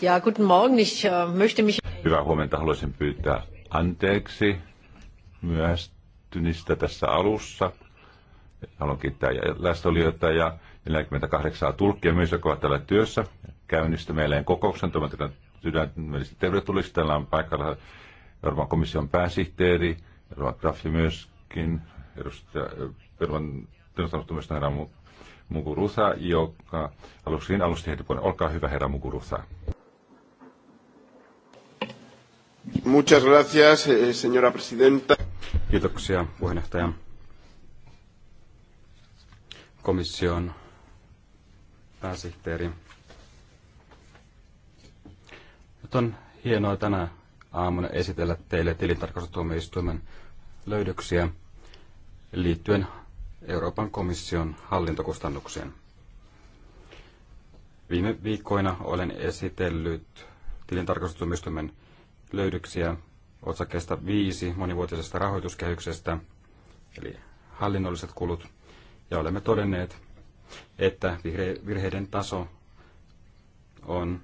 Ja, guten Morgen. Ich äh, möchte mich... Hyvää huomenta. Haluaisin pyytää anteeksi myöhästynistä tässä alussa. Haluan kiittää läsnäolijoita ja 48 tulkkia myös, jotka ovat täällä työssä. Käynnistä meille kokouksen. Toivotan sydämellisesti tervetulleeksi. Täällä on paikalla Euroopan komission pääsihteeri, Euroopan Graffi myöskin, edustaja Euroopan tilastonottomista herra Muguruza, joka aluksi alusti heti puolen. Olkaa hyvä herra Muguruza. Muchas gracias, eh, señora presidenta. Kiitoksia, puheenjohtaja. Komission pääsihteeri. Nyt on hienoa tänä aamuna esitellä teille tilintarkastustuomioistuimen löydöksiä liittyen Euroopan komission hallintokustannuksiin. Viime viikkoina olen esitellyt tilintarkastustuomioistuimen löydöksiä osakkeesta 5 monivuotisesta rahoituskehyksestä, eli hallinnolliset kulut, ja olemme todenneet, että virheiden taso on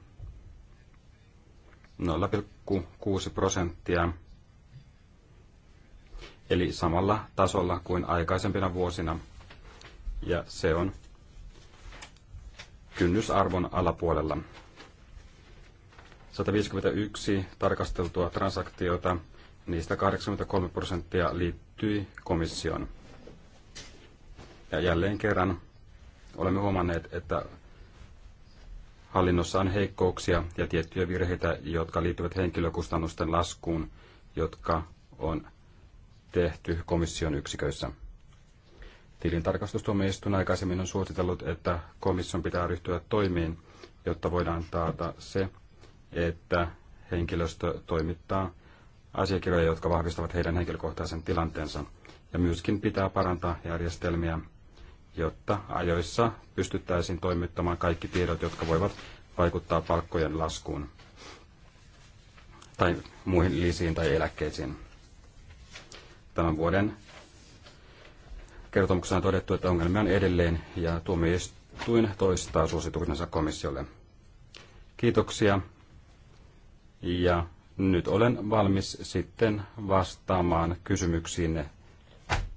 0,6 prosenttia, eli samalla tasolla kuin aikaisempina vuosina, ja se on kynnysarvon alapuolella. 151 tarkasteltua transaktiota, niistä 83 prosenttia liittyi komissioon. Ja jälleen kerran olemme huomanneet, että hallinnossa on heikkouksia ja tiettyjä virheitä, jotka liittyvät henkilökustannusten laskuun, jotka on tehty komission yksiköissä. Tilintarkastustuomioistuin aikaisemmin on suositellut, että komission pitää ryhtyä toimiin, jotta voidaan taata se, että henkilöstö toimittaa asiakirjoja, jotka vahvistavat heidän henkilökohtaisen tilanteensa. Ja myöskin pitää parantaa järjestelmiä, jotta ajoissa pystyttäisiin toimittamaan kaikki tiedot, jotka voivat vaikuttaa palkkojen laskuun tai muihin lisiin tai eläkkeisiin. Tämän vuoden kertomuksessa on todettu, että ongelmia on edelleen ja tuomioistuin toistaa suosituksensa komissiolle. Kiitoksia ja nyt olen valmis sitten vastaamaan kysymyksiinne.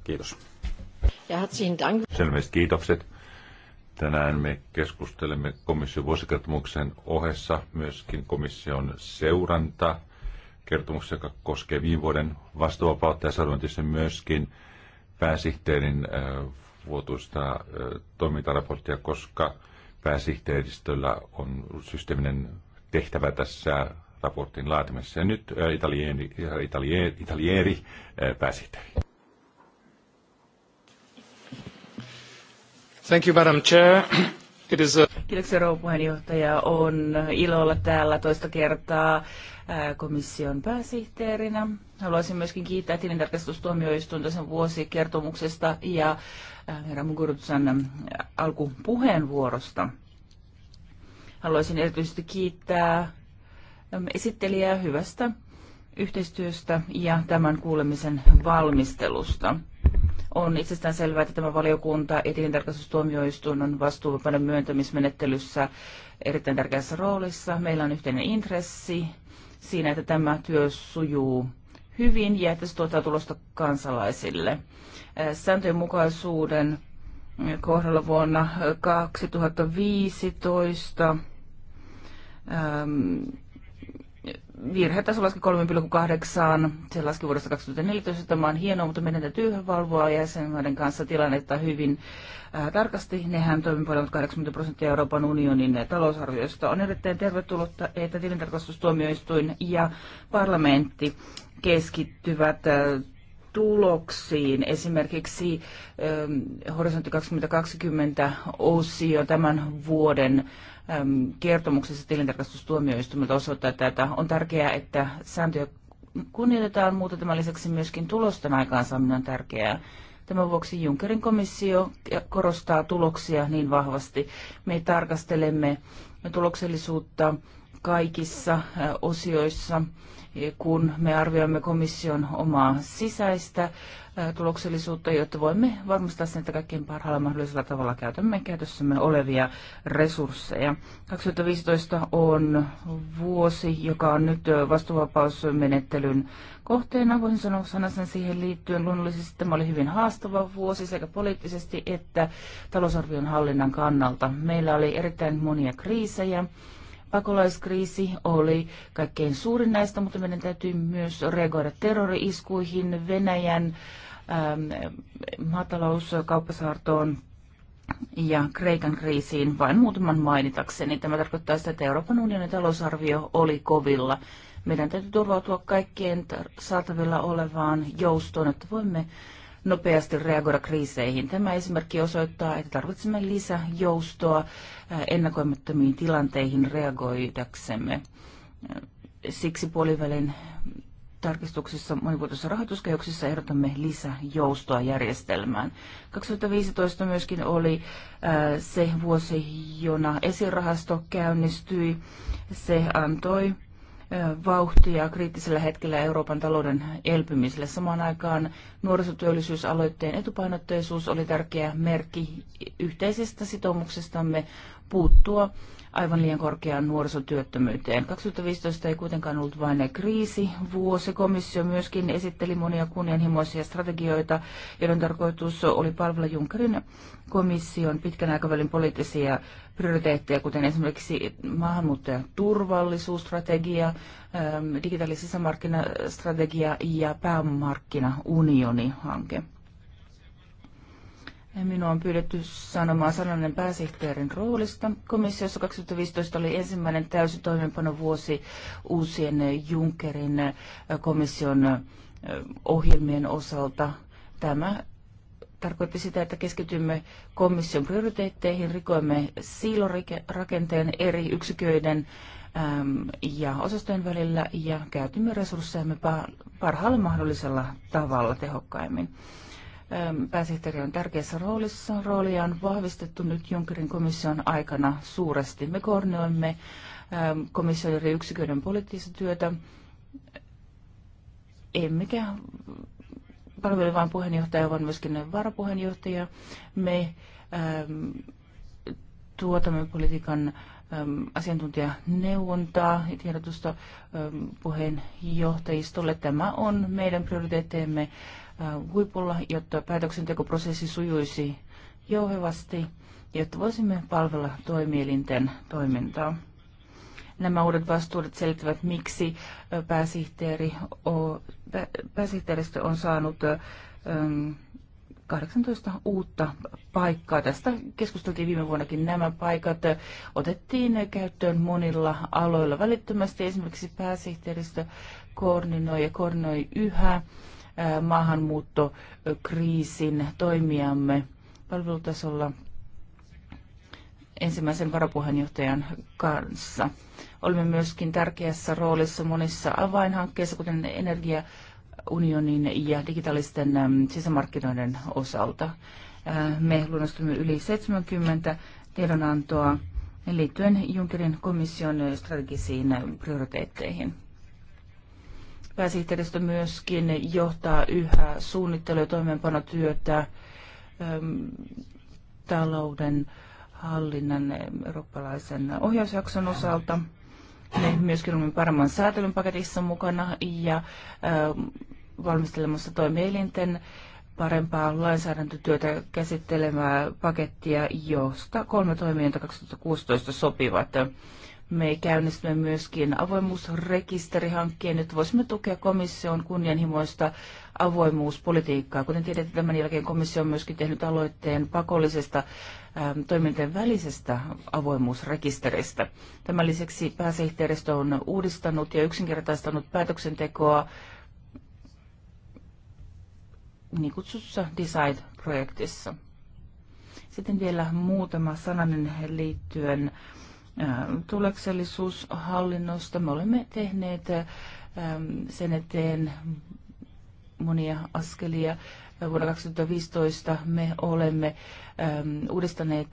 Kiitos. Ja Dank. Selvästi kiitokset. Tänään me keskustelemme komission vuosikertomuksen ohessa myöskin komission seuranta kertomuksessa, joka koskee viime vuoden vastuuvapautta ja sadoin myöskin pääsihteerin äh, vuotuista äh, toimintaraporttia, koska pääsihteeristöllä on systeeminen tehtävä tässä raportin laatimisessa. Ja nyt italieri, italieri pääsihteeri. Thank you, Madam Chair. It is a... Kiitoksia, rouva puheenjohtaja. On ilo olla täällä toista kertaa komission pääsihteerinä. Haluaisin myöskin kiittää tilintarkastustuomioistuinta sen vuosikertomuksesta ja herra Mugurutsan alkupuheenvuorosta. Haluaisin erityisesti kiittää esittelijää hyvästä yhteistyöstä ja tämän kuulemisen valmistelusta. On itsestään selvää, että tämä valiokunta ja tilintarkastustuomioistuin on vastuuvapainen myöntämismenettelyssä erittäin tärkeässä roolissa. Meillä on yhteinen intressi siinä, että tämä työ sujuu hyvin ja että se tuottaa tulosta kansalaisille. Sääntöjen mukaisuuden kohdalla vuonna 2015 se laski 3,8. Se laski vuodesta 2014. Tämä on hienoa, mutta meidän täytyy valvoa jäsenmaiden kanssa tilannetta hyvin äh, tarkasti. Nehän toimivat 80 prosenttia Euroopan unionin talousarviosta. On erittäin tervetullutta, että tilintarkastustuomioistuin ja parlamentti keskittyvät äh, tuloksiin. Esimerkiksi ähm, Horisontti 2020 osio tämän vuoden kertomuksessa tilintarkastustuomioistuimelta osoittaa tätä. On tärkeää, että sääntöjä kunnioitetaan, mutta tämän lisäksi myöskin tulosten aikaansaaminen on tärkeää. Tämän vuoksi Junckerin komissio korostaa tuloksia niin vahvasti. Me tarkastelemme tuloksellisuutta kaikissa osioissa, kun me arvioimme komission omaa sisäistä tuloksellisuutta, jotta voimme varmistaa sen, että kaikkein parhaalla mahdollisella tavalla käytämme käytössämme olevia resursseja. 2015 on vuosi, joka on nyt vastuuvapausmenettelyn kohteena. Voisin sanoa sanasen siihen liittyen. Luonnollisesti tämä oli hyvin haastava vuosi sekä poliittisesti että talousarvion hallinnan kannalta. Meillä oli erittäin monia kriisejä Pakolaiskriisi oli kaikkein suurin näistä, mutta meidän täytyy myös reagoida terrori-iskuihin, Venäjän ähm, ja Kreikan kriisiin vain muutaman mainitakseni. Tämä tarkoittaa sitä, että Euroopan unionin talousarvio oli kovilla. Meidän täytyy turvautua kaikkien saatavilla olevaan joustoon, että voimme nopeasti reagoida kriiseihin. Tämä esimerkki osoittaa, että tarvitsemme lisäjoustoa ennakoimattomiin tilanteihin reagoidaksemme. Siksi puolivälin tarkistuksissa monivuotoisissa rahoituskehyksissä ehdotamme lisäjoustoa järjestelmään. 2015 myöskin oli se vuosi, jona esirahasto käynnistyi. Se antoi vauhtia kriittisellä hetkellä Euroopan talouden elpymiselle. Samaan aikaan nuorisotyöllisyysaloitteen etupainotteisuus oli tärkeä merkki yhteisestä sitoumuksestamme puuttua aivan liian korkeaan nuorisotyöttömyyteen. 2015 ei kuitenkaan ollut vain kriisi. Vuosi komissio myöskin esitteli monia kunnianhimoisia strategioita, joiden tarkoitus oli palvella Junckerin komission pitkän aikavälin poliittisia prioriteetteja, kuten esimerkiksi maahanmuuttajan turvallisuusstrategia, ähm, digitaalinen sisämarkkinastrategia ja pääomamarkkinaunioni-hanke. Minua on pyydetty sanomaan sananen pääsihteerin roolista. Komissiossa 2015 oli ensimmäinen täysi toimeenpanovuosi uusien Junckerin äh, komission äh, ohjelmien osalta. Tämä tarkoitti sitä, että keskitymme komission prioriteetteihin, rikoimme siilorakenteen eri yksiköiden ähm, ja osastojen välillä ja käytimme resurssejamme parhaalla mahdollisella tavalla tehokkaimmin. Pääsihteeri on tärkeässä roolissa. Roolia on vahvistettu nyt Junckerin komission aikana suuresti. Me koordinoimme komission eri yksiköiden poliittista työtä, emmekä palvele vain puheenjohtaja, vaan myöskin varapuheenjohtaja. Me tuotamme politiikan asiantuntijaneuvontaa ja tiedotusta puheenjohtajistolle. Tämä on meidän prioriteetteemme huipulla, jotta päätöksentekoprosessi sujuisi jouhevasti, jotta voisimme palvella toimielinten toimintaa. Nämä uudet vastuudet selittävät, miksi pääsihteeri o, pä, pääsihteeristö on saanut 18 uutta paikkaa. Tästä keskusteltiin viime vuonnakin. Nämä paikat otettiin käyttöön monilla aloilla välittömästi. Esimerkiksi pääsihteeristö koordinoi ja koordinoi yhä maahanmuuttokriisin toimijamme palvelutasolla ensimmäisen varapuheenjohtajan kanssa. Olemme myöskin tärkeässä roolissa monissa avainhankkeissa, kuten energiaunionin ja digitaalisten sisämarkkinoiden osalta. Me luonnostimme yli 70 tiedonantoa liittyen Junckerin komission strategisiin prioriteetteihin. Pääsihteeristö myöskin johtaa yhä suunnittelu- ja toimeenpanotyötä ähm, talouden hallinnan eurooppalaisen ohjausjakson osalta. Me myöskin olemme paremman säätelyn paketissa mukana ja ähm, valmistelemassa toimielinten parempaa lainsäädäntötyötä käsittelemää pakettia, josta kolme toimijaa 2016 sopivat. Me käynnistämme myöskin avoimuusrekisterihankkeen, että voisimme tukea komission kunnianhimoista avoimuuspolitiikkaa. Kuten tiedätte, tämän jälkeen komissio on myöskin tehnyt aloitteen pakollisesta ähm, toimintojen välisestä avoimuusrekisteristä. Tämän lisäksi pääsihteeristö on uudistanut ja yksinkertaistanut päätöksentekoa niin kutsussa Decide-projektissa. Sitten vielä muutama sananen liittyen tuloksellisuushallinnosta. Me olemme tehneet sen eteen monia askelia. Vuonna 2015 me olemme uudistaneet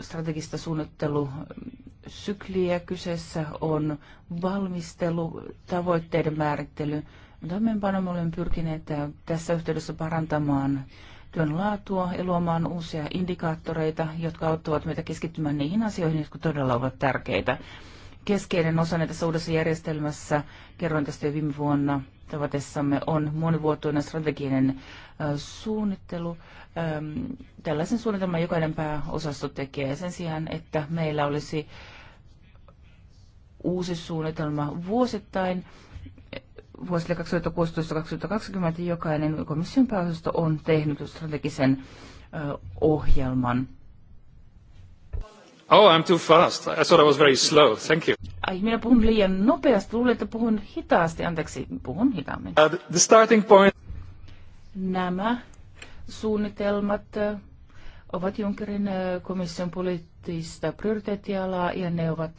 strategista suunnittelusykliä. Kyseessä on valmistelu, tavoitteiden määrittely. Toimeenpano me olemme pyrkineet tässä yhteydessä parantamaan työn laatua ja luomaan uusia indikaattoreita, jotka auttavat meitä keskittymään niihin asioihin, jotka todella ovat tärkeitä. Keskeinen osa tässä uudessa järjestelmässä, kerroin tästä jo viime vuonna tavatessamme, on monivuotoinen strateginen suunnittelu. Tällaisen suunnitelman jokainen pääosasto tekee sen sijaan, että meillä olisi uusi suunnitelma vuosittain vuosille 2016-2020 jokainen komission pääosasto on tehnyt strategisen ohjelman. Oh, I'm too fast. I thought I was very slow. Thank you. Ai, minä puhun liian nopeasti. Luulen, että puhun hitaasti. Anteeksi, puhun hitaammin. Uh, the starting point. Nämä suunnitelmat ovat Junckerin komission poliittista prioriteettialaa ja ne ovat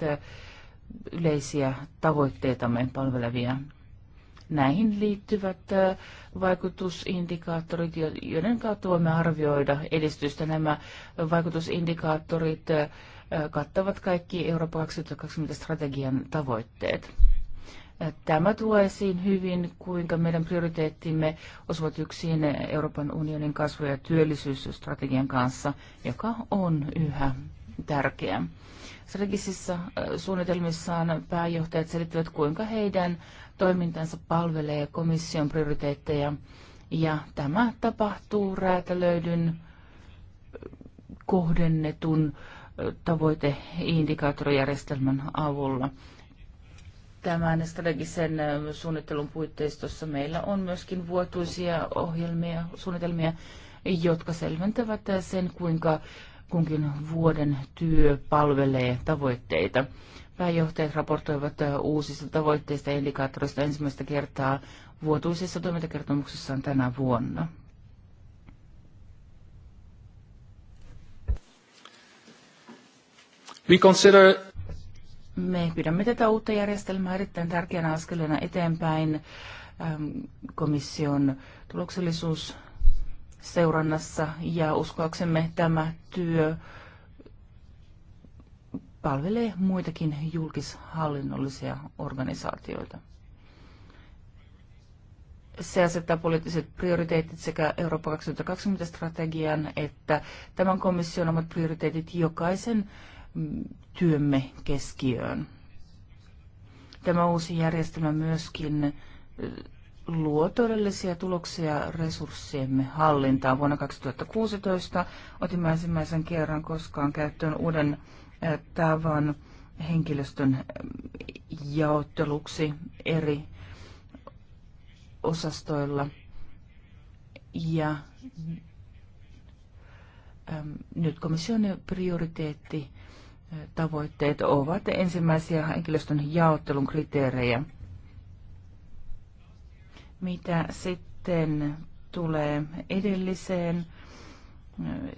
yleisiä tavoitteitamme palvelevia Näihin liittyvät vaikutusindikaattorit, joiden kautta voimme arvioida edistystä. Nämä vaikutusindikaattorit kattavat kaikki Eurooppa 2020-strategian tavoitteet. Tämä tuo esiin hyvin, kuinka meidän prioriteettimme osuvat yksin Euroopan unionin kasvu- ja työllisyysstrategian kanssa, joka on yhä tärkeä. Strategisissa suunnitelmissaan pääjohtajat selittävät, kuinka heidän toimintansa palvelee komission prioriteetteja ja tämä tapahtuu räätälöidyn kohdennetun tavoiteindikaattorijärjestelmän avulla. Tämän strategisen suunnittelun puitteistossa meillä on myöskin vuotuisia ohjelmia, suunnitelmia, jotka selventävät sen, kuinka kunkin vuoden työ palvelee tavoitteita. Pääjohtajat raportoivat uusista tavoitteista ja indikaattoreista ensimmäistä kertaa vuotuisessa toimintakertomuksessaan tänä vuonna. We consider... Me pidämme tätä uutta järjestelmää erittäin tärkeänä askeleena eteenpäin ähm, komission tuloksellisuusseurannassa ja uskoaksemme tämä työ palvelee muitakin julkishallinnollisia organisaatioita. Se asettaa poliittiset prioriteetit sekä Eurooppa 2020-strategian että tämän komission omat prioriteetit jokaisen mm, työmme keskiöön. Tämä uusi järjestelmä myöskin mm, luo todellisia tuloksia resurssiemme hallintaan. Vuonna 2016 otimme ensimmäisen kerran koskaan käyttöön uuden tavan henkilöstön jaotteluksi eri osastoilla. Ja nyt komission prioriteetti tavoitteet ovat ensimmäisiä henkilöstön jaottelun kriteerejä. Mitä sitten tulee edelliseen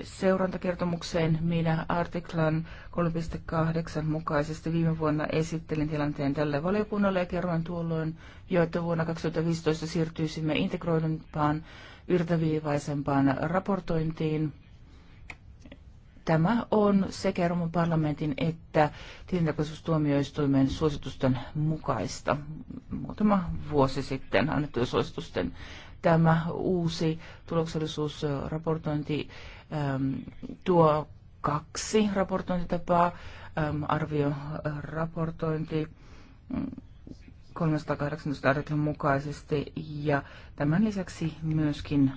seurantakertomukseen. Minä artiklan 3.8 mukaisesti viime vuonna esittelin tilanteen tälle valiokunnalle ja kerroin tuolloin jo, että vuonna 2015 siirtyisimme integroidumpaan yrtäviivaisempaan raportointiin. Tämä on sekä Euroopan parlamentin että tilintarkastustuomioistuimen suositusten mukaista muutama vuosi sitten annettujen suositusten tämä uusi tuloksellisuusraportointi ähm, tuo kaksi raportointitapaa, ähm, arvioraportointi 318 mm, artiklan mukaisesti ja tämän lisäksi myöskin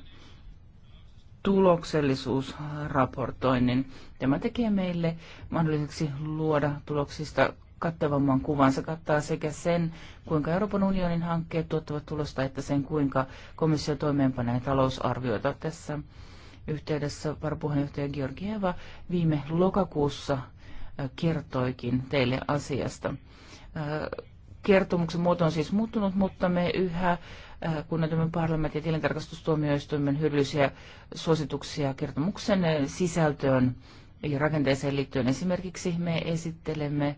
tuloksellisuusraportoinnin. Tämä tekee meille mahdolliseksi luoda tuloksista kattavamman kuvan. Se kattaa sekä sen, kuinka Euroopan unionin hankkeet tuottavat tulosta, että sen, kuinka komissio toimeenpanee talousarvioita Tässä yhteydessä varapuheenjohtaja Georgieva viime lokakuussa äh, kertoikin teille asiasta. Äh, kertomuksen muoto on siis muuttunut, mutta me yhä äh, kunnioitamme parlamentin ja tilintarkastustuomioistuimen hyödyllisiä suosituksia kertomuksen sisältöön ja rakenteeseen liittyen. Esimerkiksi me esittelemme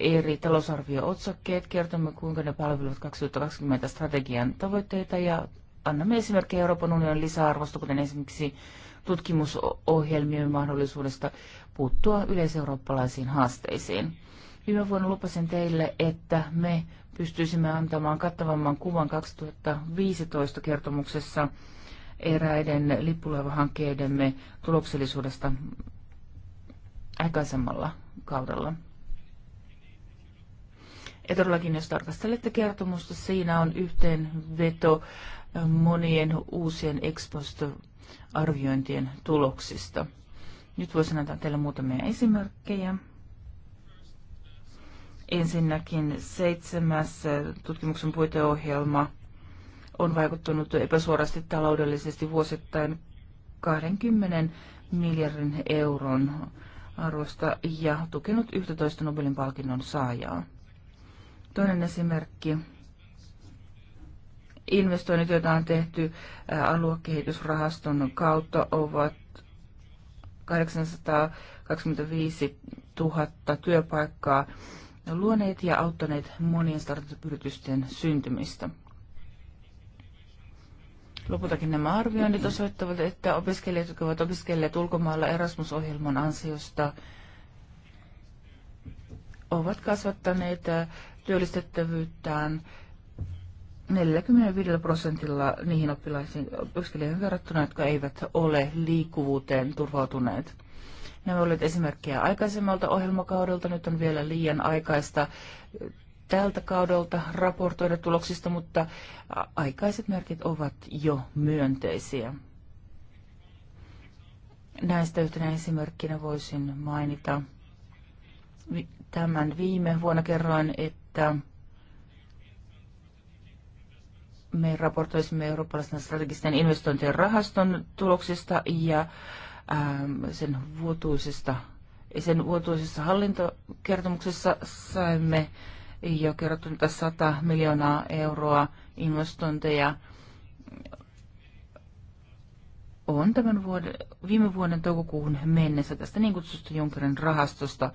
eri talousarvio-otsakkeet, kertomme kuinka ne palvelevat 2020 strategian tavoitteita ja annamme esimerkkejä Euroopan unionin lisäarvosta, kuten esimerkiksi tutkimusohjelmien mahdollisuudesta puuttua yleiseurooppalaisiin haasteisiin. Viime vuonna lupasin teille, että me pystyisimme antamaan kattavamman kuvan 2015 kertomuksessa eräiden lippulaivahankkeidemme tuloksellisuudesta aikaisemmalla kaudella. Ja todellakin, jos tarkastelette kertomusta, siinä on yhteenveto eh, monien uusien exposto-arviointien tuloksista. Nyt voisin antaa teille muutamia esimerkkejä. Ensinnäkin seitsemäs eh, tutkimuksen puiteohjelma on vaikuttanut epäsuorasti taloudellisesti vuosittain 20 miljardin euron arvosta ja tukenut 11 Nobelin palkinnon saajaa. Toinen esimerkki. Investoinnit, joita on tehty aluekehitysrahaston kautta, ovat 825 000 työpaikkaa luoneet ja auttaneet monien startup-yritysten syntymistä. Lopultakin nämä arvioinnit osoittavat, että opiskelijat, jotka ovat opiskelleet ulkomailla Erasmus-ohjelman ansiosta, ovat kasvattaneet työllistettävyyttään 45 prosentilla niihin oppilaisiin opiskelijoihin verrattuna, jotka eivät ole liikkuvuuteen turvautuneet. Nämä olivat esimerkkejä aikaisemmalta ohjelmakaudelta. Nyt on vielä liian aikaista tältä kaudelta raportoida tuloksista, mutta aikaiset merkit ovat jo myönteisiä. Näistä yhtenä esimerkkinä voisin mainita tämän viime vuonna kerroin, että että me raportoisimme eurooppalaisen strategisten investointien rahaston tuloksista ja ähm, sen vuotuisesta sen vuotuisessa hallintokertomuksessa saimme jo kerrottuna 100 miljoonaa euroa investointeja on tämän vuoden, viime vuoden toukokuuhun mennessä tästä niin kutsusta Junckerin rahastosta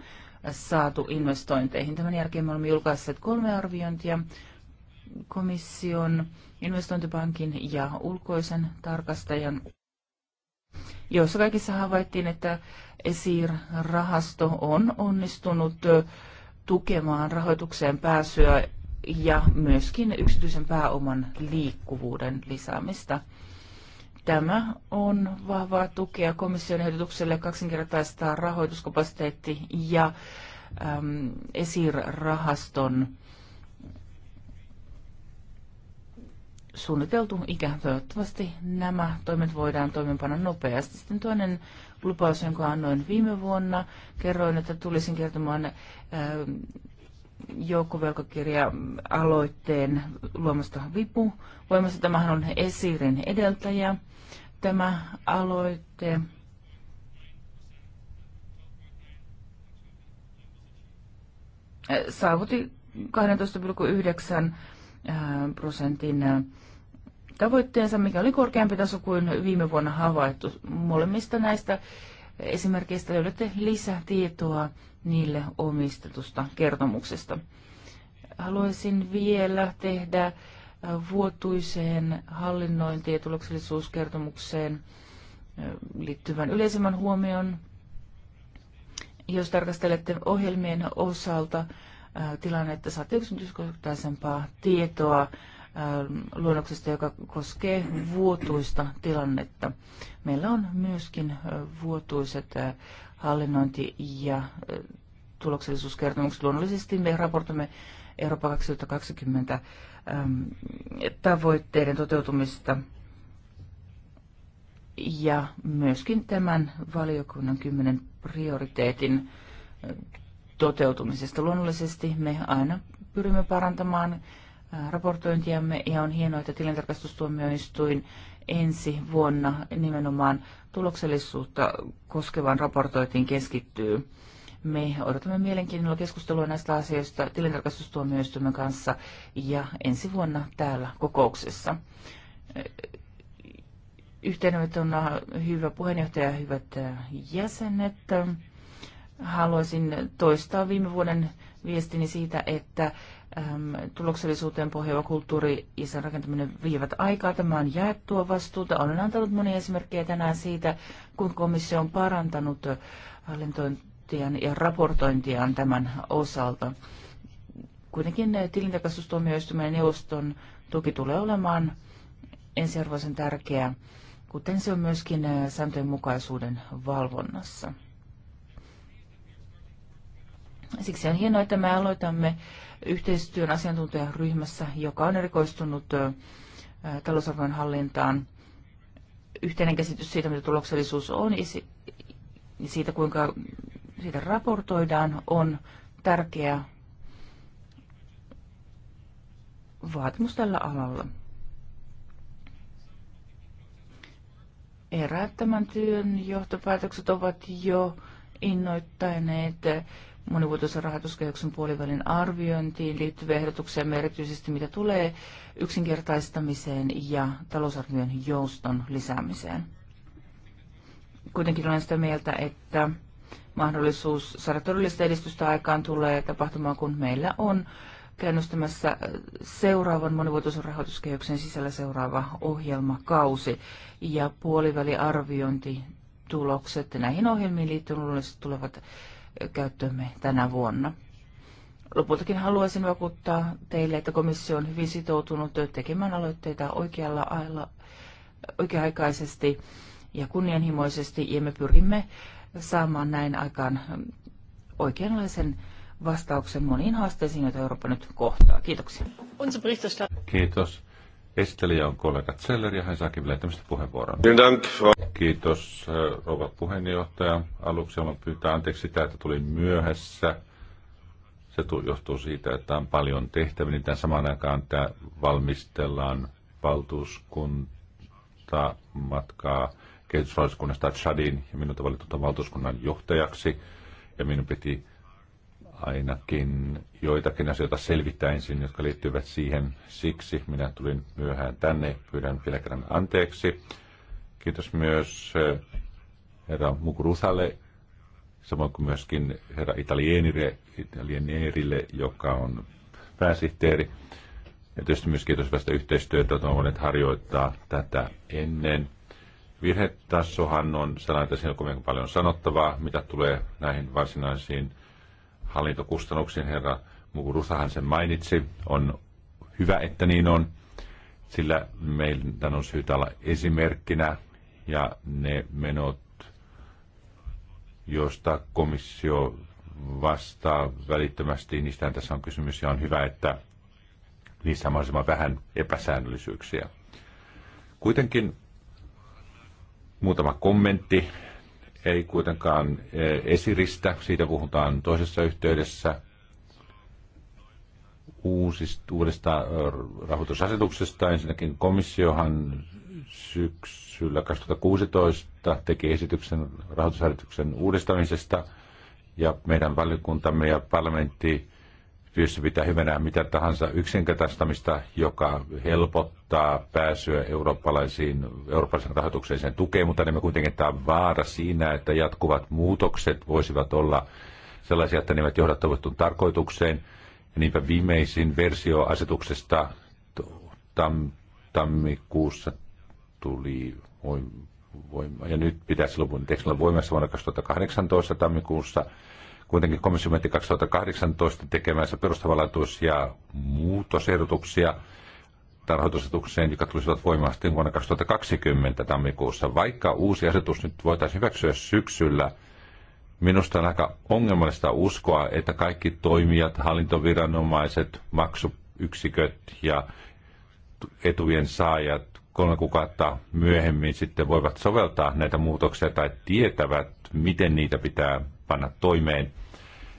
saatu investointeihin. Tämän jälkeen me olemme julkaisseet kolme arviointia komission, investointipankin ja ulkoisen tarkastajan, joissa kaikissa havaittiin, että ESIR-rahasto on onnistunut tukemaan rahoitukseen pääsyä ja myöskin yksityisen pääoman liikkuvuuden lisäämistä. Tämä on vahvaa tukea komission ehdotukselle kaksinkertaistaa rahoituskapasiteetti ja äm, esirahaston suunniteltu ikä. Toivottavasti nämä toimet voidaan toimenpana nopeasti. Sitten toinen lupaus, jonka annoin viime vuonna, kerroin, että tulisin kertomaan ää, joukkovelkakirja-aloitteen luomasta vipu. Voimassa tämähän on Esirin edeltäjä tämä aloite saavutti 12,9 äh, prosentin äh, tavoitteensa, mikä oli korkeampi taso kuin viime vuonna havaittu. Molemmista näistä esimerkkeistä löydätte lisätietoa niille omistetusta kertomuksesta. Haluaisin vielä tehdä vuotuiseen hallinnointi- ja tuloksellisuuskertomukseen liittyvän yleisemmän huomion. Jos tarkastelette ohjelmien osalta tilannetta, saatte yksityiskohtaisempaa tietoa luonnoksesta, joka koskee vuotuista tilannetta. Meillä on myöskin vuotuiset hallinnointi- ja tuloksellisuuskertomukset. Luonnollisesti me raportoimme Eurooppa 2020 Ähm, tavoitteiden toteutumista ja myöskin tämän valiokunnan kymmenen prioriteetin äh, toteutumisesta. Luonnollisesti me aina pyrimme parantamaan äh, raportointiamme ja on hienoa, että tilintarkastustuomioistuin ensi vuonna nimenomaan tuloksellisuutta koskevaan raportointiin keskittyy. Me odotamme mielenkiinnolla keskustelua näistä asioista tilintarkastustuomioistuimen kanssa ja ensi vuonna täällä kokouksessa. Yhteenvetona hyvä puheenjohtaja, hyvät äh, jäsenet. Haluaisin toistaa viime vuoden viestini siitä, että tuloksellisuuteen pohjaava kulttuuri ja sen rakentaminen vievät aikaa. Tämä on jaettua vastuuta. Olen antanut monia esimerkkejä tänään siitä, kun komissio on parantanut äh, hallintoon tilintarkastuksiaan ja raportointiaan tämän osalta. Kuitenkin tilintarkastustuomioistuimen neuvoston tuki tulee olemaan ensiarvoisen tärkeä, kuten se on myöskin sääntöjen mukaisuuden valvonnassa. Siksi on hienoa, että me aloitamme yhteistyön asiantuntijaryhmässä, joka on erikoistunut talousarvojen hallintaan. Yhteinen käsitys siitä, mitä tuloksellisuus on ja siitä, kuinka siitä raportoidaan, on tärkeä vaatimus tällä alalla. Eräät tämän työn johtopäätökset ovat jo innoittaneet monivuotoisen rahoituskehyksen puolivälin arviointiin liittyviä ehdotuksia, erityisesti mitä tulee yksinkertaistamiseen ja talousarvion jouston lisäämiseen. Kuitenkin olen sitä mieltä, että mahdollisuus saada todellista edistystä aikaan tulee tapahtumaan, kun meillä on käynnistämässä äh, seuraavan monivuotoisen rahoituskehyksen sisällä seuraava ohjelmakausi ja puoliväliarviointi tulokset näihin ohjelmiin liittyen luonnollisesti tulevat äh, käyttöömme tänä vuonna. Lopultakin haluaisin vakuuttaa teille, että komissio on hyvin sitoutunut tekemään aloitteita oikealla ailla, oikea-aikaisesti ja kunnianhimoisesti, ja me pyrimme saamaan näin aikaan oikeanlaisen vastauksen moniin haasteisiin, joita Eurooppa nyt kohtaa. Kiitoksia. Kiitos. Esittelijä on kollega Zeller ja hän saakin välttämättä puheenvuoron. Kiitos eh, rouva puheenjohtaja. Aluksi haluan pyytää anteeksi sitä, että tulin myöhässä. Se johtuu siitä, että on paljon tehtäviä, niin tämän samaan aikaan tämä valmistellaan valtuuskunta matkaa kehitysvaltuuskunnasta Chadin ja minut on valittu tämän valtuuskunnan johtajaksi. Ja minun piti ainakin joitakin asioita selvittää ensin, jotka liittyvät siihen. Siksi minä tulin myöhään tänne. Pyydän vielä kerran anteeksi. Kiitos myös eh, herra Mukurusalle, samoin kuin myöskin herra Italienire, Italienierille, joka on pääsihteeri. Ja tietysti myös kiitos tästä yhteistyötä, että olen voinut harjoittaa tätä ennen. Virhetasohan on sellainen, että siinä on kovin paljon sanottavaa, mitä tulee näihin varsinaisiin hallintokustannuksiin. Herra Mugurusahan sen mainitsi. On hyvä, että niin on, sillä meillä on syytä olla esimerkkinä ja ne menot, joista komissio vastaa välittömästi, niistä tässä on kysymys ja on hyvä, että niissä on mahdollisimman vähän epäsäännöllisyyksiä. Kuitenkin Muutama kommentti, ei kuitenkaan e, esiristä, siitä puhutaan toisessa yhteydessä, uusista, uudesta e, rahoitusasetuksesta. Ensinnäkin komissiohan syksyllä 2016 teki esityksen rahoitusasetuksen uudistamisesta ja meidän valiokuntamme ja parlamentti pysty pitää hyvänä mitä tahansa yksinkertaistamista, joka helpottaa pääsyä eurooppalaisiin, eurooppalaisen rahoitukseen sen tukeen, mutta enemmän niin kuitenkin tämä vaara siinä, että jatkuvat muutokset voisivat olla sellaisia, että ne eivät johda tarkoitukseen. Ja niinpä viimeisin versio asetuksesta tam, tammikuussa tuli voima, ja nyt pitäisi lopun voimassa vuonna 2018 tammikuussa – Kuitenkin komissio 2018 tekemänsä perustavanlaatuisia ja muutosehdotuksia rahoitusasetukseen, jotka tulisivat voimaan sitten vuonna 2020 tammikuussa. Vaikka uusi asetus nyt voitaisiin hyväksyä syksyllä, minusta on aika ongelmallista uskoa, että kaikki toimijat, hallintoviranomaiset, maksuyksiköt ja etujen saajat kolme kuukautta myöhemmin sitten voivat soveltaa näitä muutoksia tai tietävät, miten niitä pitää panna toimeen.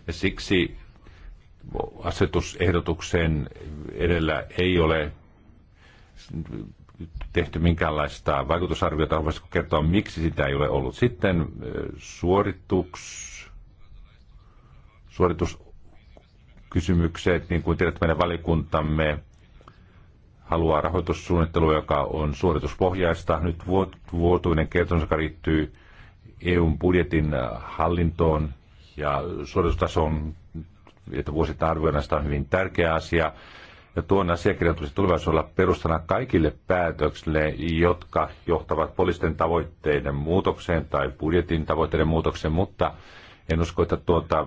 Ja siksi asetusehdotuksen edellä ei ole tehty minkäänlaista vaikutusarviota, voisiko kertoa, miksi sitä ei ole ollut. Sitten suorituks, suorituskysymykset, niin kuin tiedät, meidän valikuntamme haluaa rahoitussuunnittelua, joka on suorituspohjaista. Nyt vuotuinen kertomus, joka liittyy eu budjetin äh, hallintoon ja suoritustasoon, että vuosittain arvioidaan sitä on hyvin tärkeä asia. Ja tuon asiakirjan tulisi tulevaisuudella perustana kaikille päätöksille, jotka johtavat poliisten tavoitteiden muutokseen tai budjetin tavoitteiden muutokseen, mutta en usko, että tuota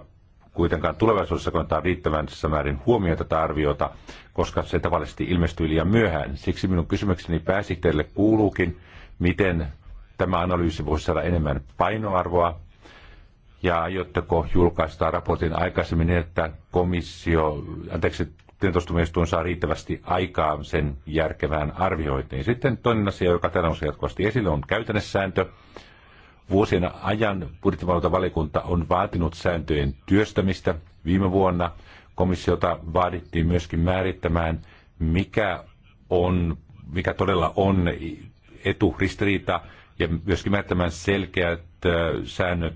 kuitenkaan tulevaisuudessa kannattaa riittävän määrin huomiota tätä arviota, koska se tavallisesti ilmestyy liian myöhään. Siksi minun kysymykseni pääsihteerille kuuluukin, miten tämä analyysi voisi saada enemmän painoarvoa? Ja aiotteko julkaista raportin aikaisemmin niin, että komissio, anteeksi, tietostumistuun saa riittävästi aikaa sen järkevään arviointiin. Sitten toinen asia, joka tänään on jatkuvasti esille, on käytännössääntö. Vuosien ajan budjettivalvontavaliokunta on vaatinut sääntöjen työstämistä. Viime vuonna komissiota vaadittiin myöskin määrittämään, mikä, on, mikä todella on eturistiriita ja myöskin määrittämään selkeät säännöt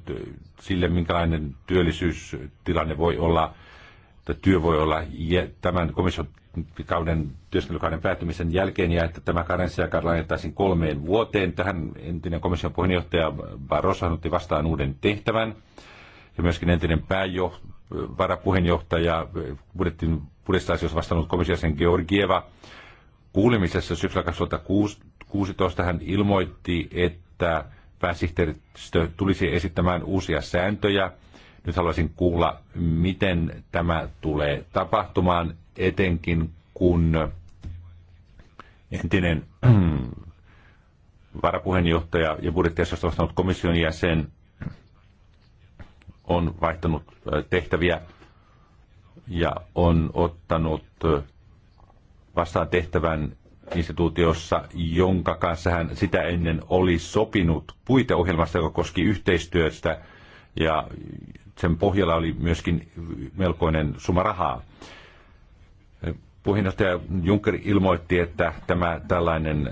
sille, minkälainen työllisyystilanne voi olla, tai työ voi olla tämän komission kauden työskentelykauden päättymisen jälkeen ja että tämä karenssiaika laajentaisiin kolmeen vuoteen. Tähän entinen komission puheenjohtaja Barroso otti vastaan uuden tehtävän ja myöskin entinen pääjohtaja, varapuheenjohtaja, budjettin budjettiasioissa vastannut komissiosen Georgieva kuulemisessa syksyllä 2006 2016 hän ilmoitti, että pääsihteeristö tulisi esittämään uusia sääntöjä. Nyt haluaisin kuulla, miten tämä tulee tapahtumaan, etenkin kun entinen varapuheenjohtaja ja budjettiasiasta vastannut komission jäsen on vaihtanut tehtäviä ja on ottanut vastaan tehtävän, instituutiossa, jonka kanssa hän sitä ennen oli sopinut puiteohjelmasta, joka koski yhteistyöstä ja sen pohjalla oli myöskin melkoinen summa rahaa. Puheenjohtaja Juncker ilmoitti, että tämä tällainen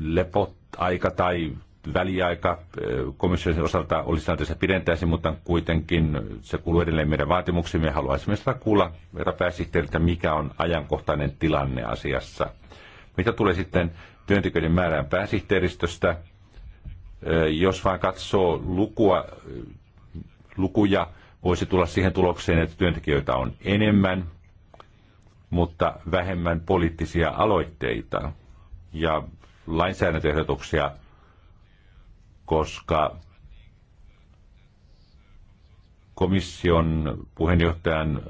lepoaika tai väliaika komission osalta olisi tilanteessa pidentäisi, mutta kuitenkin se kuuluu edelleen meidän vaatimuksimme. Haluaisimme sitä kuulla herra pääsihteeriltä, mikä on ajankohtainen tilanne asiassa. Mitä tulee sitten työntekijöiden määrään pääsihteeristöstä, jos vain katsoo lukua, lukuja, voisi tulla siihen tulokseen, että työntekijöitä on enemmän, mutta vähemmän poliittisia aloitteita ja lainsäädäntöehdotuksia, koska komission puheenjohtajan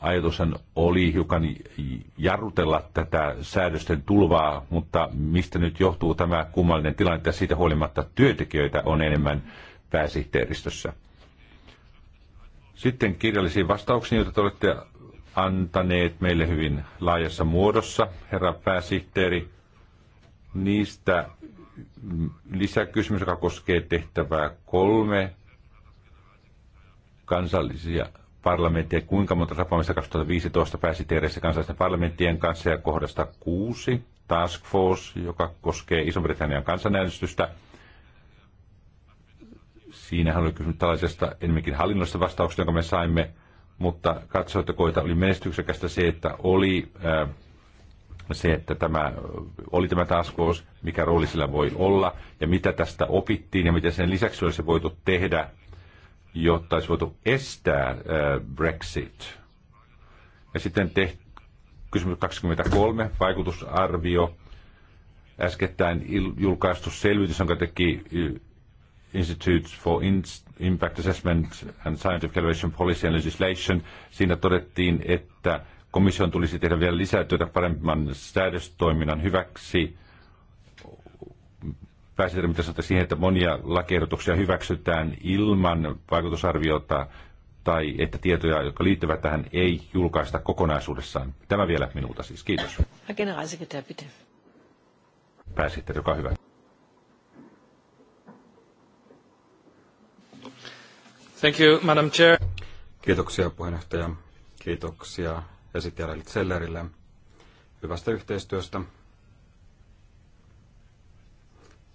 ajatushan oli hiukan jarrutella tätä säädösten tulvaa, mutta mistä nyt johtuu tämä kummallinen tilanne, että siitä huolimatta työntekijöitä on enemmän pääsihteeristössä? Sitten kirjallisiin vastauksiin, joita te olette antaneet meille hyvin laajassa muodossa, herra pääsihteeri. Niistä lisäkysymys, joka koskee tehtävää kolme, kansallisia parlamenttia, kuinka monta tapaamista 2015 pääsi järjestää kansallisten parlamenttien kanssa ja kohdasta kuusi task force, joka koskee Iso-Britannian kansanäänestystä. Siinähän oli kysymys tällaisesta enemmänkin hallinnollisesta vastauksesta, jonka me saimme, mutta katsoitte että oli menestyksekästä se, että oli äh, se, että tämä oli tämä task force, mikä rooli sillä voi olla ja mitä tästä opittiin ja miten sen lisäksi olisi voitu tehdä – jotta olisi voitu estää Brexit. Ja sitten tehty kysymys 23, vaikutusarvio. Äskettäin julkaistu selvitys, jonka teki Institute for Impact Assessment and Scientific Evaluation Policy and Legislation. Siinä todettiin, että komission tulisi tehdä vielä lisätyötä paremman säädöstoiminnan hyväksi – pääsihteeri sanotte siihen, että monia lakiehdotuksia hyväksytään ilman vaikutusarviota tai että tietoja, jotka liittyvät tähän, ei julkaista kokonaisuudessaan. Tämä vielä minulta siis. Kiitos. Pääsihteeri, joka hyvä. Thank you, Madam Chair. Kiitoksia puheenjohtaja. Kiitoksia esittelijälle Zellerille hyvästä yhteistyöstä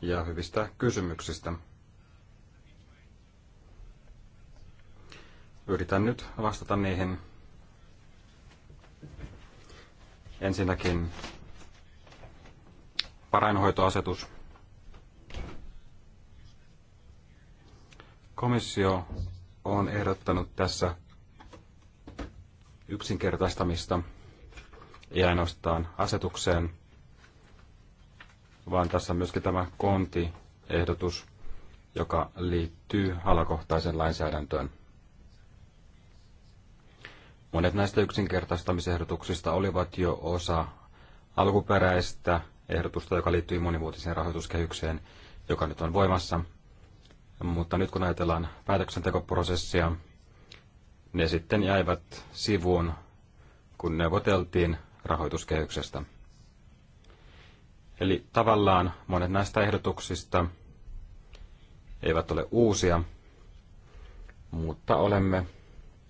ja hyvistä kysymyksistä. Yritän nyt vastata niihin. Ensinnäkin parainhoitoasetus. Komissio on ehdottanut tässä yksinkertaistamista, ei ainoastaan asetukseen, vaan tässä on myöskin tämä kontiehdotus, joka liittyy halakohtaisen lainsäädäntöön. Monet näistä yksinkertaistamisehdotuksista olivat jo osa alkuperäistä ehdotusta, joka liittyy monivuotiseen rahoituskehykseen, joka nyt on voimassa. Mutta nyt kun ajatellaan päätöksentekoprosessia, ne sitten jäivät sivuun, kun neuvoteltiin rahoituskehyksestä. Eli tavallaan monet näistä ehdotuksista eivät ole uusia, mutta olemme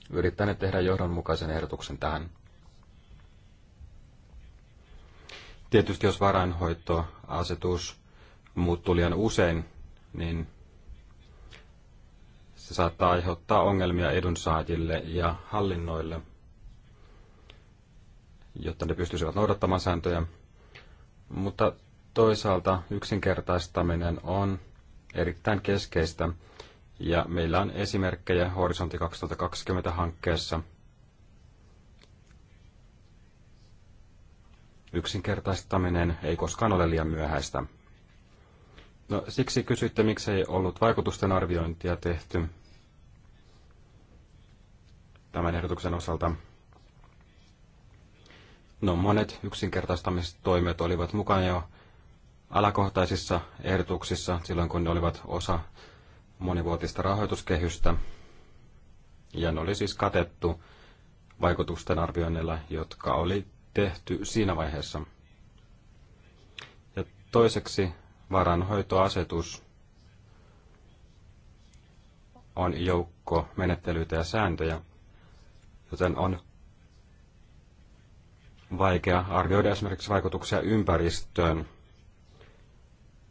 yrittäneet tehdä johdonmukaisen ehdotuksen tähän. Tietysti jos varainhoitoasetus muuttuu liian usein, niin se saattaa aiheuttaa ongelmia edunsaajille ja hallinnoille, jotta ne pystyisivät noudattamaan sääntöjä. Mutta toisaalta yksinkertaistaminen on erittäin keskeistä ja meillä on esimerkkejä Horisontti 2020 hankkeessa. Yksinkertaistaminen ei koskaan ole liian myöhäistä. No, siksi kysytte, miksei ollut vaikutusten arviointia tehty tämän ehdotuksen osalta. No monet yksinkertaistamistoimet olivat mukana jo alakohtaisissa ehdotuksissa silloin, kun ne olivat osa monivuotista rahoituskehystä. Ja ne oli siis katettu vaikutusten arvioinneilla, jotka oli tehty siinä vaiheessa. Ja toiseksi varanhoitoasetus on joukko menettelyitä ja sääntöjä, joten on vaikea arvioida esimerkiksi vaikutuksia ympäristöön,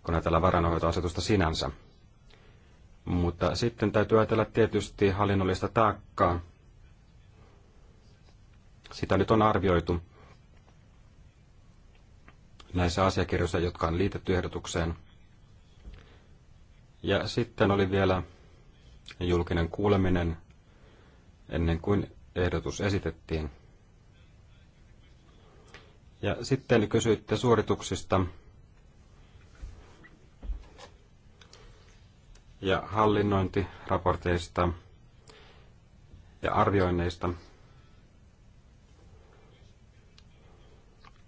kun ajatellaan varanhoitoasetusta sinänsä. Mutta sitten täytyy ajatella tietysti hallinnollista taakkaa. Sitä nyt on arvioitu näissä asiakirjoissa, jotka on liitetty ehdotukseen. Ja sitten oli vielä julkinen kuuleminen ennen kuin ehdotus esitettiin. Ja sitten kysyitte suorituksista ja hallinnointiraporteista ja arvioinneista.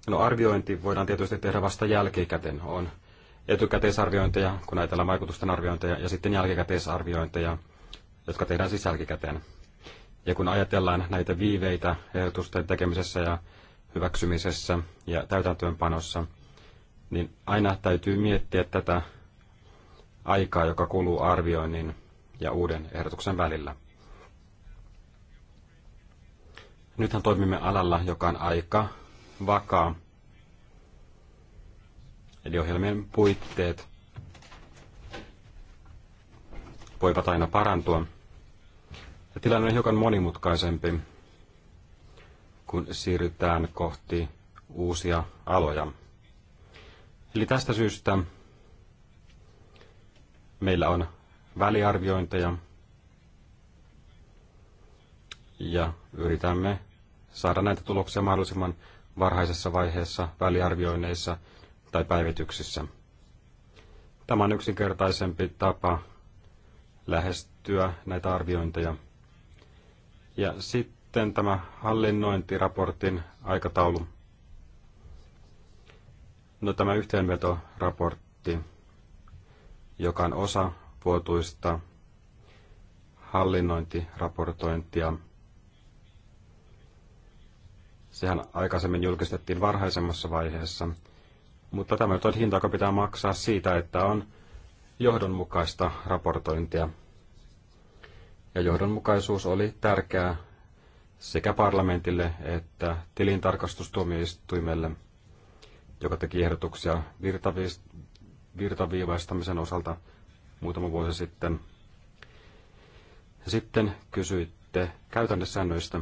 No arviointi voidaan tietysti tehdä vasta jälkikäteen. On etukäteisarviointeja, kun ajatellaan vaikutusten arviointeja, ja sitten jälkikäteisarviointeja, jotka tehdään siis jälkikäteen. Ja kun ajatellaan näitä viiveitä ehdotusten tekemisessä ja hyväksymisessä ja täytäntöönpanossa, niin aina täytyy miettiä tätä aikaa, joka kuluu arvioinnin ja uuden ehdotuksen välillä. Nythän toimimme alalla, joka on aika vakaa. Eli ohjelmien puitteet voivat aina parantua. Ja tilanne on hiukan monimutkaisempi kun siirrytään kohti uusia aloja. Eli tästä syystä meillä on väliarviointeja ja yritämme saada näitä tuloksia mahdollisimman varhaisessa vaiheessa väliarvioinneissa tai päivityksissä. Tämä on yksinkertaisempi tapa lähestyä näitä arviointeja. Ja sitten sitten tämä hallinnointiraportin aikataulu. No tämä yhteenvetoraportti, joka on osa vuotuista hallinnointiraportointia. Sehän aikaisemmin julkistettiin varhaisemmassa vaiheessa, mutta tämä on hinta, joka pitää maksaa siitä, että on johdonmukaista raportointia. Ja johdonmukaisuus oli tärkeää sekä parlamentille että tilintarkastustuomioistuimelle, joka teki ehdotuksia virtaviivaistamisen osalta muutama vuosi sitten. Ja sitten kysyitte käytännössäännöistä.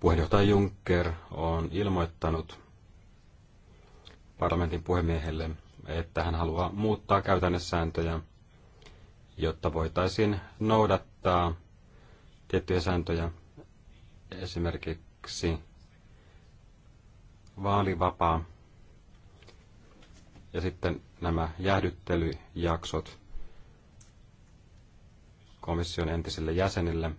Puheenjohtaja Juncker on ilmoittanut parlamentin puhemiehelle, että hän haluaa muuttaa käytännössääntöjä, jotta voitaisiin noudattaa noudattaa tiettyjä sääntöjä, esimerkiksi vaalivapaa ja sitten nämä jäähdyttelyjaksot komission entisille jäsenille.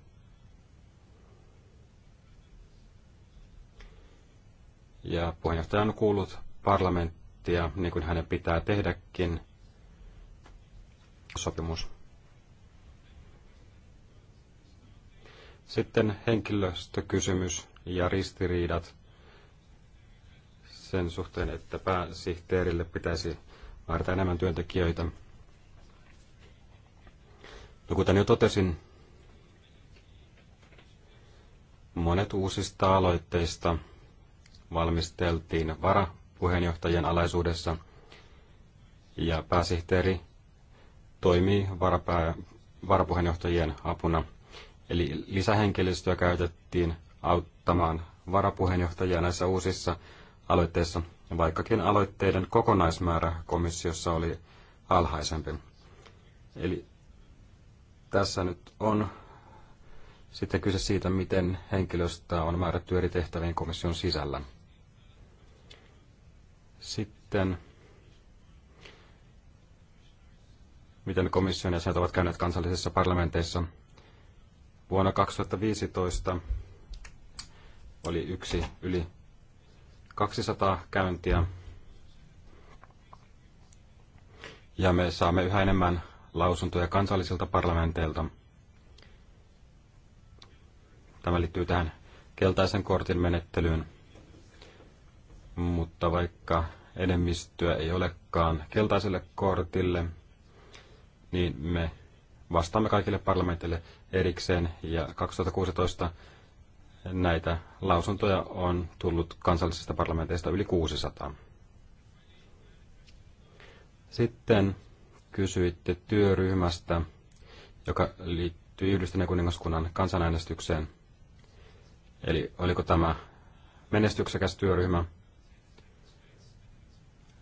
Ja puheenjohtaja on kuullut parlamenttia, niin kuin hänen pitää tehdäkin, sopimus Sitten henkilöstökysymys ja ristiriidat sen suhteen, että pääsihteerille pitäisi määrätä enemmän työntekijöitä. No kuten jo totesin, monet uusista aloitteista valmisteltiin varapuheenjohtajien alaisuudessa ja pääsihteeri toimii varapää, varapuheenjohtajien apuna – Eli lisähenkilöstöä käytettiin auttamaan varapuheenjohtajia näissä uusissa aloitteissa, vaikkakin aloitteiden kokonaismäärä komissiossa oli alhaisempi. Eli tässä nyt on sitten kyse siitä, miten henkilöstöä on määrätty eri tehtäviin komission sisällä. Sitten, miten komission jäsenet ovat käyneet kansallisissa parlamenteissa – Vuonna 2015 oli yksi yli 200 käyntiä. Ja me saamme yhä enemmän lausuntoja kansallisilta parlamenteilta. Tämä liittyy tähän keltaisen kortin menettelyyn. Mutta vaikka enemmistöä ei olekaan keltaiselle kortille, niin me vastaamme kaikille parlamenteille erikseen ja 2016 näitä lausuntoja on tullut kansallisista parlamenteista yli 600. Sitten kysyitte työryhmästä, joka liittyy Yhdistyneen kuningaskunnan kansanäänestykseen. Eli oliko tämä menestyksekäs työryhmä?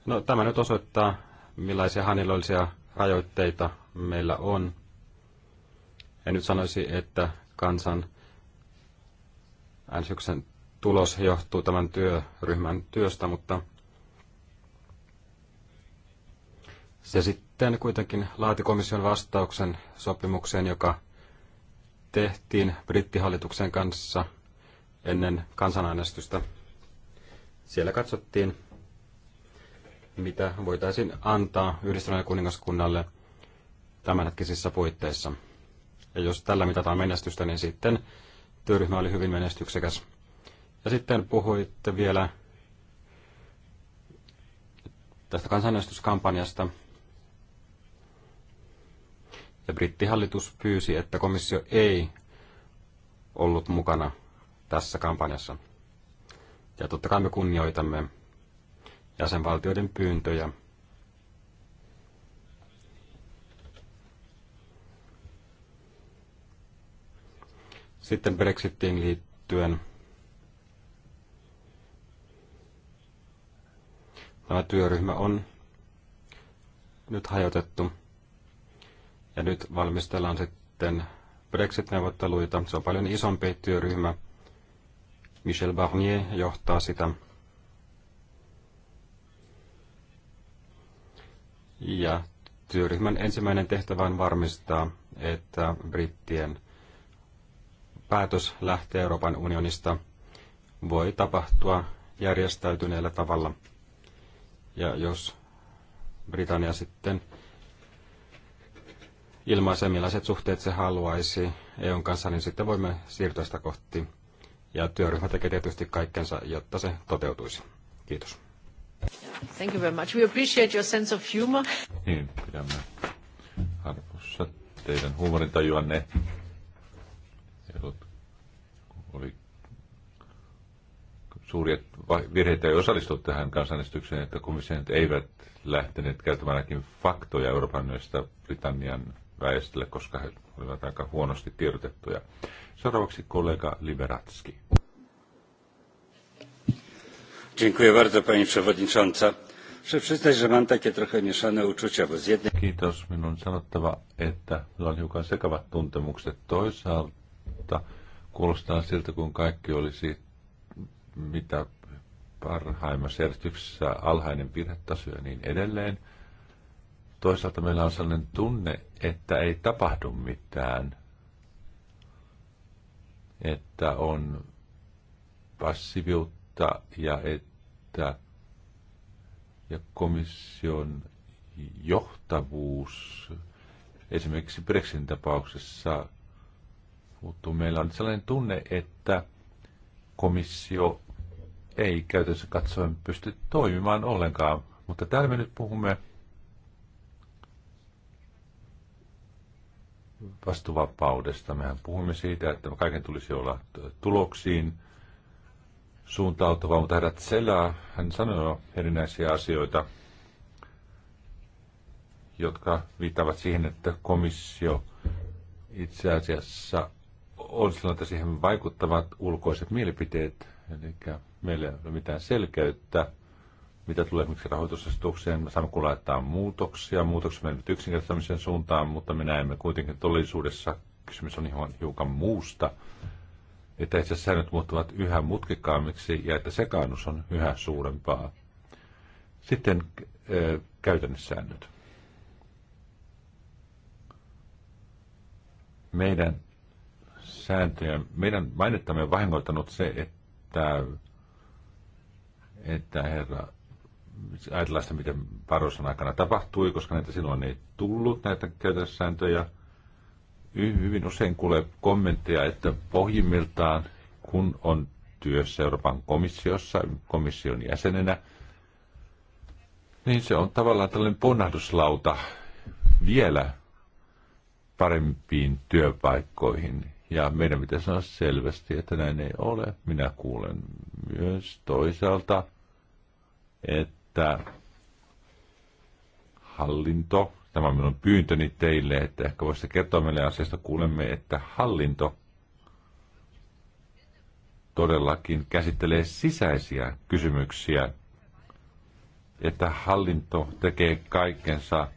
No, tämä nyt osoittaa, millaisia hanilollisia rajoitteita meillä on en nyt sanoisi, että kansan äänestyksen tulos johtuu tämän työryhmän työstä, mutta se sitten kuitenkin laati komission vastauksen sopimukseen, joka tehtiin brittihallituksen kanssa ennen kansanäänestystä. Siellä katsottiin, mitä voitaisiin antaa yhdistyneen kuningaskunnalle tämänhetkisissä puitteissa. Ja jos tällä mitataan menestystä, niin sitten työryhmä oli hyvin menestyksekäs. Ja sitten puhuitte vielä tästä kansanäänestyskampanjasta. Ja brittihallitus pyysi, että komissio ei ollut mukana tässä kampanjassa. Ja totta kai me kunnioitamme jäsenvaltioiden pyyntöjä Sitten Brexitiin liittyen. Tämä työryhmä on nyt hajotettu ja nyt valmistellaan sitten Brexit-neuvotteluita. Se on paljon isompi työryhmä. Michel Barnier johtaa sitä. Ja työryhmän ensimmäinen tehtävä on varmistaa, että brittien päätös lähteä Euroopan unionista voi tapahtua järjestäytyneellä tavalla. Ja jos Britannia sitten ilmaisee, millaiset suhteet se haluaisi EUn kanssa, niin sitten voimme siirtyä sitä kohti. Ja työryhmä tekee tietysti kaikkensa, jotta se toteutuisi. Kiitos. Thank you very much. We appreciate your sense of humor. Niin, pidämme arvossa teidän huumorintajuanne oli suuria virheitä ei osallistu tähän kansanäänestykseen, että komissiot eivät lähteneet käyttämään ainakin faktoja Euroopan unionista Britannian väestölle, koska he olivat aika huonosti tiedotettuja. Seuraavaksi kollega Liberatski. Dziękuję bardzo pani przewodnicząca. Muszę przyznać, że mam takie trochę mieszane uczucia, bo z jednej... Kiitos. Minun on sanottava, että minulla on hiukan sekavat tuntemukset. Toisaalta mutta kuulostaa siltä, kun kaikki olisi mitä parhaimmassa järjestyksessä alhainen virhetaso ja niin edelleen. Toisaalta meillä on sellainen tunne, että ei tapahdu mitään, että on passiviutta ja että ja komission johtavuus esimerkiksi Brexitin tapauksessa puhuttu, meillä on sellainen tunne, että komissio ei käytännössä katsoen pysty toimimaan ollenkaan. Mutta täällä me nyt puhumme vastuvapaudesta. Mehän puhumme siitä, että kaiken tulisi olla tuloksiin suuntautuvaa, mutta herra selää, hän sanoi erinäisiä asioita, jotka viittaavat siihen, että komissio itse asiassa on silloin, että siihen vaikuttavat ulkoiset mielipiteet, eli meillä ei ole mitään selkeyttä, mitä tulee esimerkiksi rahoitusasetukseen, saamme kun laittaa muutoksia, muutoksia menevät yksinkertaistamisen suuntaan, mutta me näemme kuitenkin todellisuudessa kysymys on ihan hiukan muusta, että itse asiassa säännöt muuttuvat yhä mutkikkaammiksi ja että sekaannus on yhä suurempaa. Sitten äh, eh, käytännössäännöt. Meidän sääntöjä. Meidän mainittamme on vahingoittanut se, että, että herra, ajatellaan sitä, miten Parosan aikana tapahtui, koska näitä silloin ei tullut, näitä käytännössääntöjä. Hyvin usein kuulee kommentteja, että pohjimmiltaan, kun on työssä Euroopan komissiossa, komission jäsenenä, niin se on tavallaan tällainen ponnahduslauta vielä parempiin työpaikkoihin. Ja meidän pitäisi sanoa selvästi, että näin ei ole. Minä kuulen myös toisaalta, että hallinto, tämä on minun pyyntöni teille, että ehkä voisitte kertoa meille asiasta, kuulemme, että hallinto todellakin käsittelee sisäisiä kysymyksiä, että hallinto tekee kaikkensa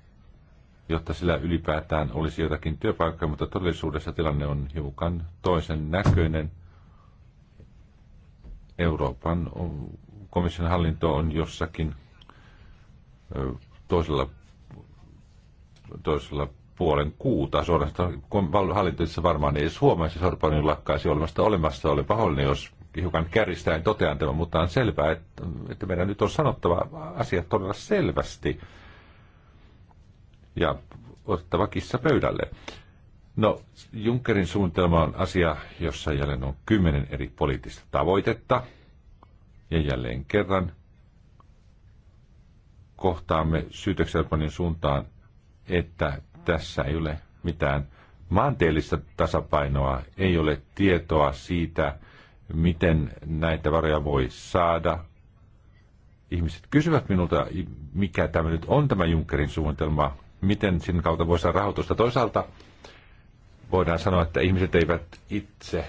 jotta sillä ylipäätään olisi jotakin työpaikkaa, mutta todellisuudessa tilanne on hiukan toisen näköinen. Euroopan komission hallinto on jossakin toisella, toisella puolen kuuta suorastaan. hallintoissa varmaan ei edes huomaisi, että Orbanin lakkaisi olemasta olemassa. Olen pahoillinen, jos hiukan kärjistäen totean tämän, mutta on selvää, että, että meidän nyt on sanottava asiat todella selvästi ja ottava kissa pöydälle. No, Junckerin suunnitelma on asia, jossa jälleen on kymmenen eri poliittista tavoitetta. Ja jälleen kerran kohtaamme syytöksen suuntaan, että tässä ei ole mitään maanteellista tasapainoa, ei ole tietoa siitä, miten näitä varoja voi saada. Ihmiset kysyvät minulta, mikä tämä nyt on tämä Junckerin suunnitelma miten sinne kautta voisi saada rahoitusta. Toisaalta voidaan sanoa, että ihmiset eivät itse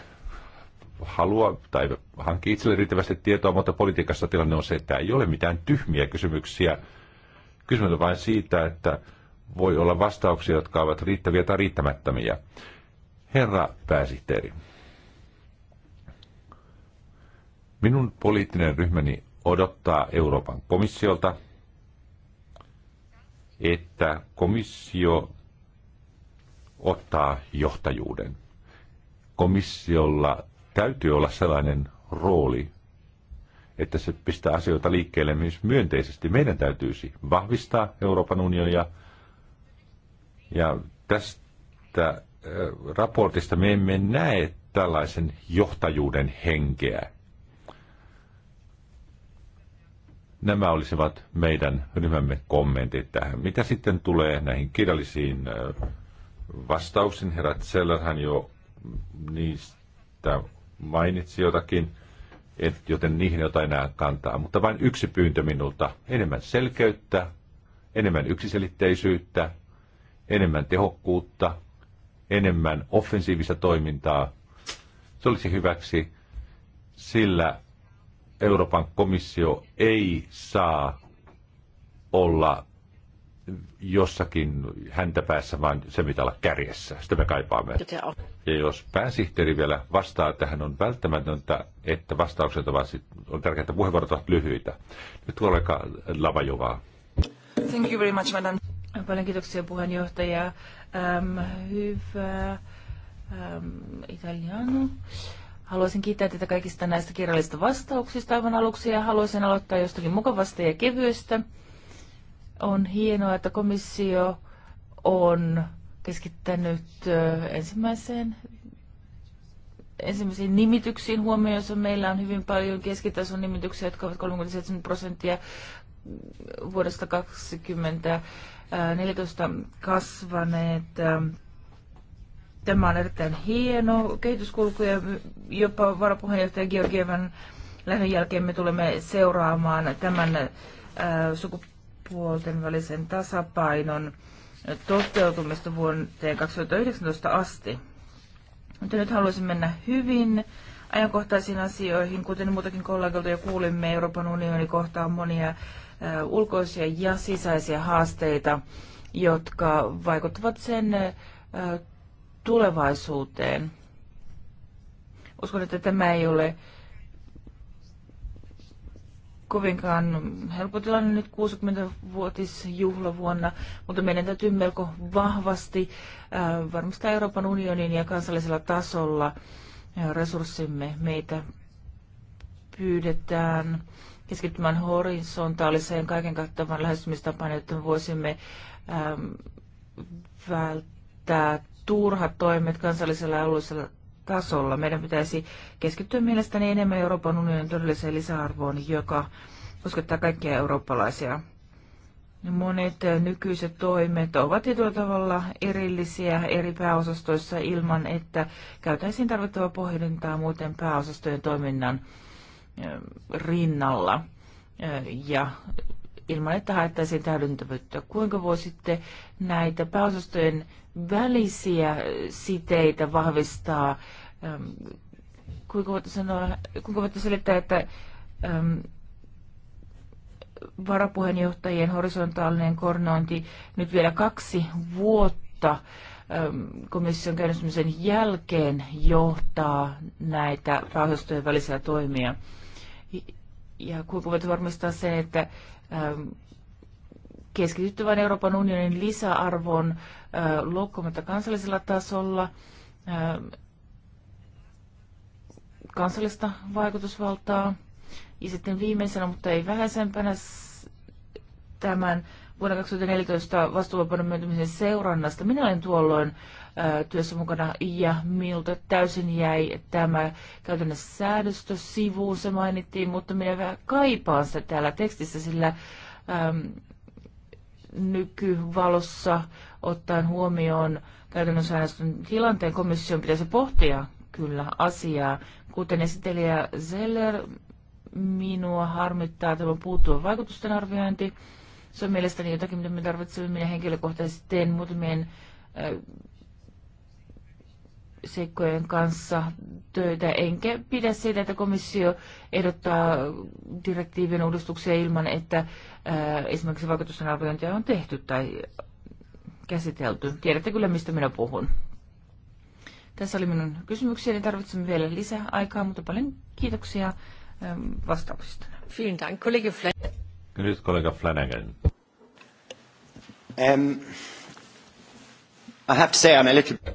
halua tai hankki itselle riittävästi tietoa, mutta politiikassa tilanne on se, että ei ole mitään tyhmiä kysymyksiä. Kysymys on vain siitä, että voi olla vastauksia, jotka ovat riittäviä tai riittämättömiä. Herra pääsihteeri, minun poliittinen ryhmäni odottaa Euroopan komissiolta että komissio ottaa johtajuuden. Komissiolla täytyy olla sellainen rooli, että se pistää asioita liikkeelle myös myönteisesti. Meidän täytyisi vahvistaa Euroopan unionia. Ja tästä äh, raportista me emme näe tällaisen johtajuuden henkeä. Nämä olisivat meidän ryhmämme kommentit tähän. Mitä sitten tulee näihin kirjallisiin vastauksiin? Herra Zellerhän jo niistä mainitsi jotakin, et, joten niihin jotain enää kantaa. Mutta vain yksi pyyntö minulta. Enemmän selkeyttä, enemmän yksiselitteisyyttä, enemmän tehokkuutta, enemmän offensiivista toimintaa. Se olisi hyväksi, sillä Euroopan komissio ei saa olla jossakin häntä päässä, vaan se mitä olla kärjessä. Sitä me kaipaamme. Ja jos pääsihteeri vielä vastaa tähän, on välttämätöntä, että vastaukset ovat, on tärkeää, että puheenvuorot ovat lyhyitä. Nyt kollega Lavajovaa. Thank you very much, madam. Paljon kiitoksia puheenjohtaja. Um, hyvä um, italiano. Haluaisin kiittää teitä kaikista näistä kirjallisista vastauksista aivan aluksi ja haluaisin aloittaa jostakin mukavasta ja kevyestä. On hienoa, että komissio on keskittänyt ensimmäiseen ensimmäisiin nimityksiin huomioon. Meillä on hyvin paljon keskitason nimityksiä, jotka ovat 37 prosenttia vuodesta 2014 kasvaneet Tämä on erittäin hieno kehityskulku ja jopa varapuheenjohtaja Georgievan lähden jälkeen me tulemme seuraamaan tämän äh, sukupuolten välisen tasapainon toteutumista vuoteen 2019 asti. Mutta nyt haluaisin mennä hyvin ajankohtaisiin asioihin, kuten muutakin kollegoilta jo kuulimme, Euroopan unioni kohtaa monia äh, ulkoisia ja sisäisiä haasteita, jotka vaikuttavat sen äh, tulevaisuuteen. Uskon, että tämä ei ole kovinkaan helppo tilanne nyt 60-vuotisjuhlavuonna, mutta meidän täytyy melko vahvasti äh, varmistaa Euroopan unionin ja kansallisella tasolla äh, resurssimme. Meitä pyydetään keskittymään horisontaaliseen kaiken kattavan lähestymistapaan, että voisimme ähm, välttää turhat toimet kansallisella ja alueellisella tasolla. Meidän pitäisi keskittyä mielestäni enemmän Euroopan unionin todelliseen lisäarvoon, joka koskettaa kaikkia eurooppalaisia. Monet nykyiset toimet ovat tietyllä tavalla erillisiä eri pääosastoissa ilman, että käytäisiin tarvittavaa pohdintaa muuten pääosastojen toiminnan rinnalla ja ilman, että haettaisiin täydentävyyttä. Kuinka voisitte näitä pääosastojen välisiä siteitä vahvistaa. Kuinka voitte, sanoa, kuinka voitte selittää, että varapuheenjohtajien horisontaalinen koordinointi nyt vielä kaksi vuotta komission käynnistymisen jälkeen johtaa näitä rahastojen välisiä toimia. Ja kuinka voit varmistaa sen, että keskityttävän Euroopan unionin lisäarvon luokkomatta kansallisella tasolla, kansallista vaikutusvaltaa. Ja sitten viimeisenä, mutta ei vähäisempänä, tämän vuonna 2014 vastuuvapauden myöntämisen seurannasta. Minä olen tuolloin työssä mukana ja miltä täysin jäi tämä käytännössä säädöstö sivuun, se mainittiin, mutta minä vähän kaipaan sitä täällä tekstissä, sillä ä, nykyvalossa ottaen huomioon käytännön säästön tilanteen komission pitäisi pohtia kyllä asiaa. Kuten esittelijä Zeller, minua harmittaa tämä puuttuva vaikutusten arviointi. Se on mielestäni jotakin, mitä me tarvitsemme. Minä henkilökohtaisesti teen muutamien äh, seikkojen kanssa töitä, enkä pidä siitä, että komissio ehdottaa direktiivin uudistuksia ilman, että ää, esimerkiksi vaikutusten arviointia on tehty tai käsitelty. Tiedätte kyllä, mistä minä puhun. Tässä oli minun kysymykseni Tarvitsemme vielä lisää aikaa, mutta paljon kiitoksia vastauksista. Vielen Dank, kollega Flanagan. Nyt kollega Flanagan. Um, I have to say I'm a little...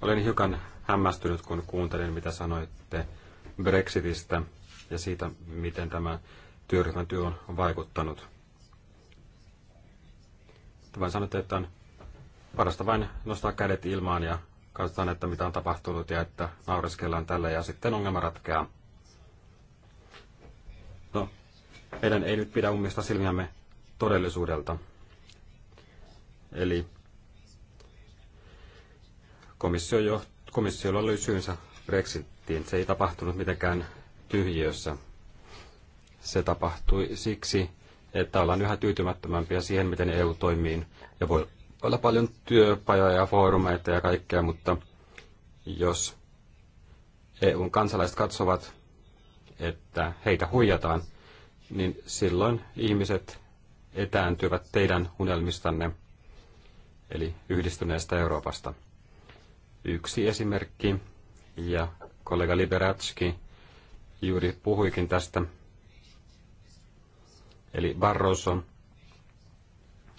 Olen hiukan hämmästynyt, kun kuuntelin, mitä sanoitte Brexitistä ja siitä, miten tämä työryhmän työ on vaikuttanut. Te vain sanotte, että on parasta vain nostaa kädet ilmaan ja katsotaan, että mitä on tapahtunut ja että naureskellaan tälle ja sitten ongelma ratkeaa. No, meidän ei nyt pidä ummista silmiämme todellisuudelta. Eli Komissio jo, komissiolla oli syynsä Brexittiin. Se ei tapahtunut mitenkään tyhjiössä. Se tapahtui siksi, että ollaan yhä tyytymättömämpiä siihen, miten EU toimii. Ja voi olla paljon työpajoja ja foorumeita ja kaikkea, mutta jos EUn kansalaiset katsovat, että heitä huijataan, niin silloin ihmiset etääntyvät teidän unelmistanne, eli yhdistyneestä Euroopasta yksi esimerkki, ja kollega Liberatski juuri puhuikin tästä, eli Barroso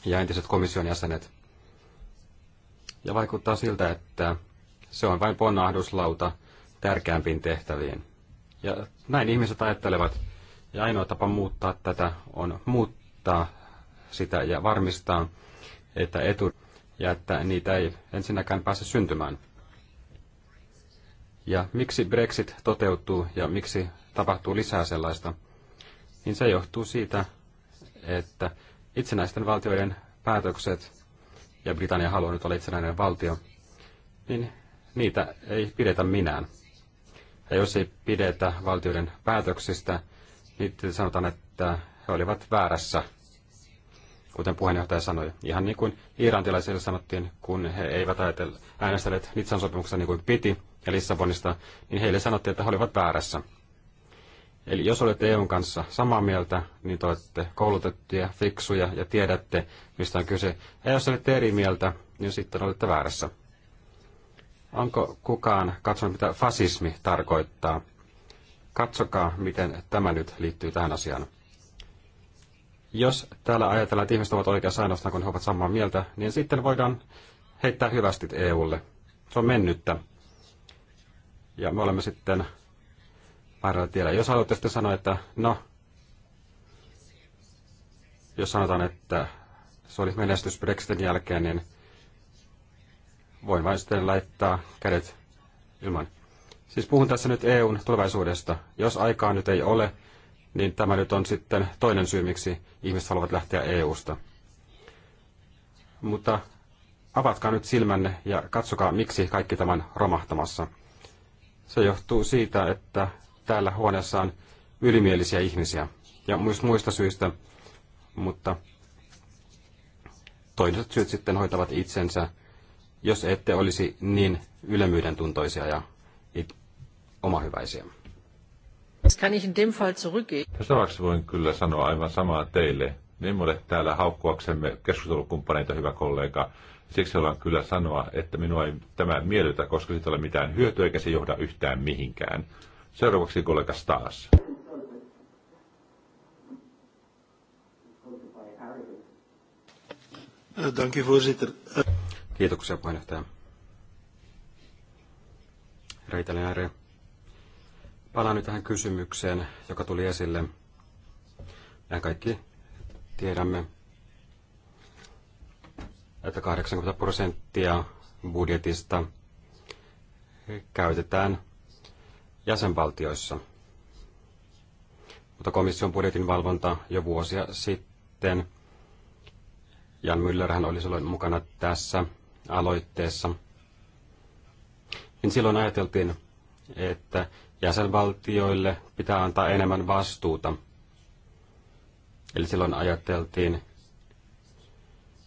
ja entiset komission jäsenet. Ja vaikuttaa siltä, että se on vain ponnahduslauta tärkeämpiin tehtäviin. Ja näin ihmiset ajattelevat. Ja ainoa tapa muuttaa tätä on muuttaa sitä ja varmistaa, että etu ja että niitä ei ensinnäkään pääse syntymään ja miksi Brexit toteutuu ja miksi tapahtuu lisää sellaista, niin se johtuu siitä, että itsenäisten valtioiden päätökset, ja Britannia haluaa nyt olla itsenäinen valtio, niin niitä ei pidetä minään. Ja jos ei pidetä valtioiden päätöksistä, niin sanotaan, että he olivat väärässä, kuten puheenjohtaja sanoi. Ihan niin kuin iirantilaisille sanottiin, kun he eivät äänestäneet Nitsan sopimuksessa niin kuin piti, ja Lissabonista, niin heille sanottiin, että he olivat väärässä. Eli jos olette EUn kanssa samaa mieltä, niin te olette koulutettuja, fiksuja ja tiedätte, mistä on kyse. Ja jos olette eri mieltä, niin sitten olette väärässä. Onko kukaan katsonut, mitä fasismi tarkoittaa? Katsokaa, miten tämä nyt liittyy tähän asiaan. Jos täällä ajatellaan, että ihmiset ovat oikeassa ainoastaan, kun he ovat samaa mieltä, niin sitten voidaan heittää hyvästit EUlle. Se on mennyttä. Ja me olemme sitten väärällä tiellä. Jos haluatte sitten sanoa, että no, jos sanotaan, että se oli menestys Brexitin jälkeen, niin voin vain sitten laittaa kädet ilman. Siis puhun tässä nyt EUn tulevaisuudesta. Jos aikaa nyt ei ole, niin tämä nyt on sitten toinen syy, miksi ihmiset haluavat lähteä EUsta. Mutta avatkaa nyt silmänne ja katsokaa, miksi kaikki tämän romahtamassa. Se johtuu siitä, että täällä huoneessa on ylimielisiä ihmisiä ja myös muista syistä, mutta toiset syyt sitten hoitavat itsensä, jos ette olisi niin ylemyyden tuntoisia ja it- omahyväisiä. Tässä voin kyllä sanoa aivan samaa teille. niin emme täällä haukkuaksemme keskustelukumppaneita, hyvä kollega. Siksi haluan kyllä sanoa, että minua ei tämä miellytä, koska siitä ei ole mitään hyötyä eikä se johda yhtään mihinkään. Seuraavaksi kollega Staas. Kiitoksia puheenjohtaja. ääriä. Palaan nyt tähän kysymykseen, joka tuli esille. Mehän kaikki tiedämme, että 80 prosenttia budjetista käytetään jäsenvaltioissa. Mutta komission budjetin valvonta jo vuosia sitten, Jan Müllerhän oli silloin mukana tässä aloitteessa, niin silloin ajateltiin, että jäsenvaltioille pitää antaa enemmän vastuuta. Eli silloin ajateltiin,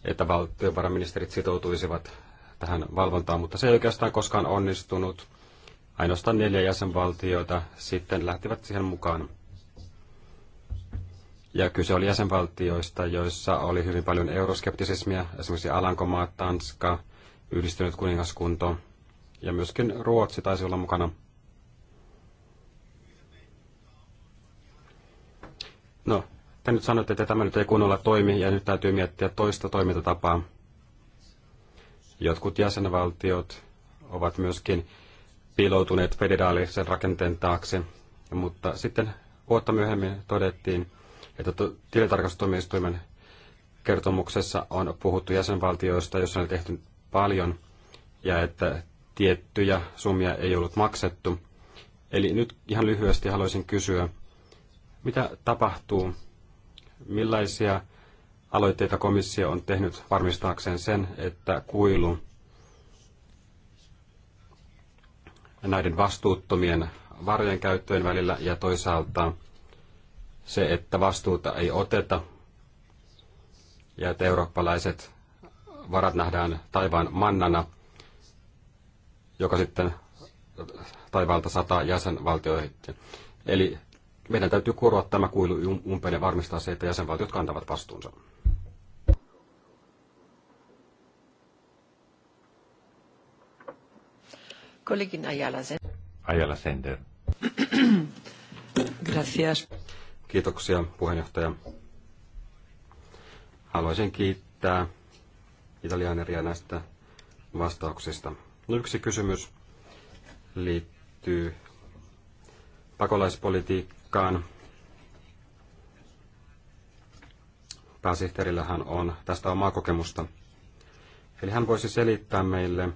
että valtiovarainministerit sitoutuisivat tähän valvontaan, mutta se ei oikeastaan koskaan onnistunut. Ainoastaan neljä jäsenvaltiota sitten lähtivät siihen mukaan. Ja kyse oli jäsenvaltioista, joissa oli hyvin paljon euroskeptisismiä, esimerkiksi Alankomaat, Tanska, Yhdistynyt kuningaskunto ja myöskin Ruotsi taisi olla mukana. No, te nyt sanotte, että tämä nyt ei kunnolla toimi ja nyt täytyy miettiä toista toimintatapaa. Jotkut jäsenvaltiot ovat myöskin piiloutuneet federaalisen rakenteen taakse, mutta sitten vuotta myöhemmin todettiin, että tilintarkastustuomioistuimen kertomuksessa on puhuttu jäsenvaltioista, joissa on tehty paljon ja että tiettyjä summia ei ollut maksettu. Eli nyt ihan lyhyesti haluaisin kysyä, mitä tapahtuu Millaisia aloitteita komissio on tehnyt varmistaakseen sen, että kuilu näiden vastuuttomien varojen käyttöön välillä ja toisaalta se, että vastuuta ei oteta ja että eurooppalaiset varat nähdään taivaan mannana, joka sitten taivaalta sataa jäsenvaltioihin. Eli meidän täytyy kuroa tämä kuilu um- umpeen ja varmistaa se, että jäsenvaltiot kantavat vastuunsa. Kollegin Ajala Sender. Ajala Sender. Gracias. Kiitoksia puheenjohtaja. Haluaisin kiittää eriä näistä vastauksista. Yksi kysymys liittyy pakolaispolitiikkaan tarkkaan. Pääsihteerillähän on tästä omaa kokemusta. Eli hän voisi selittää meille,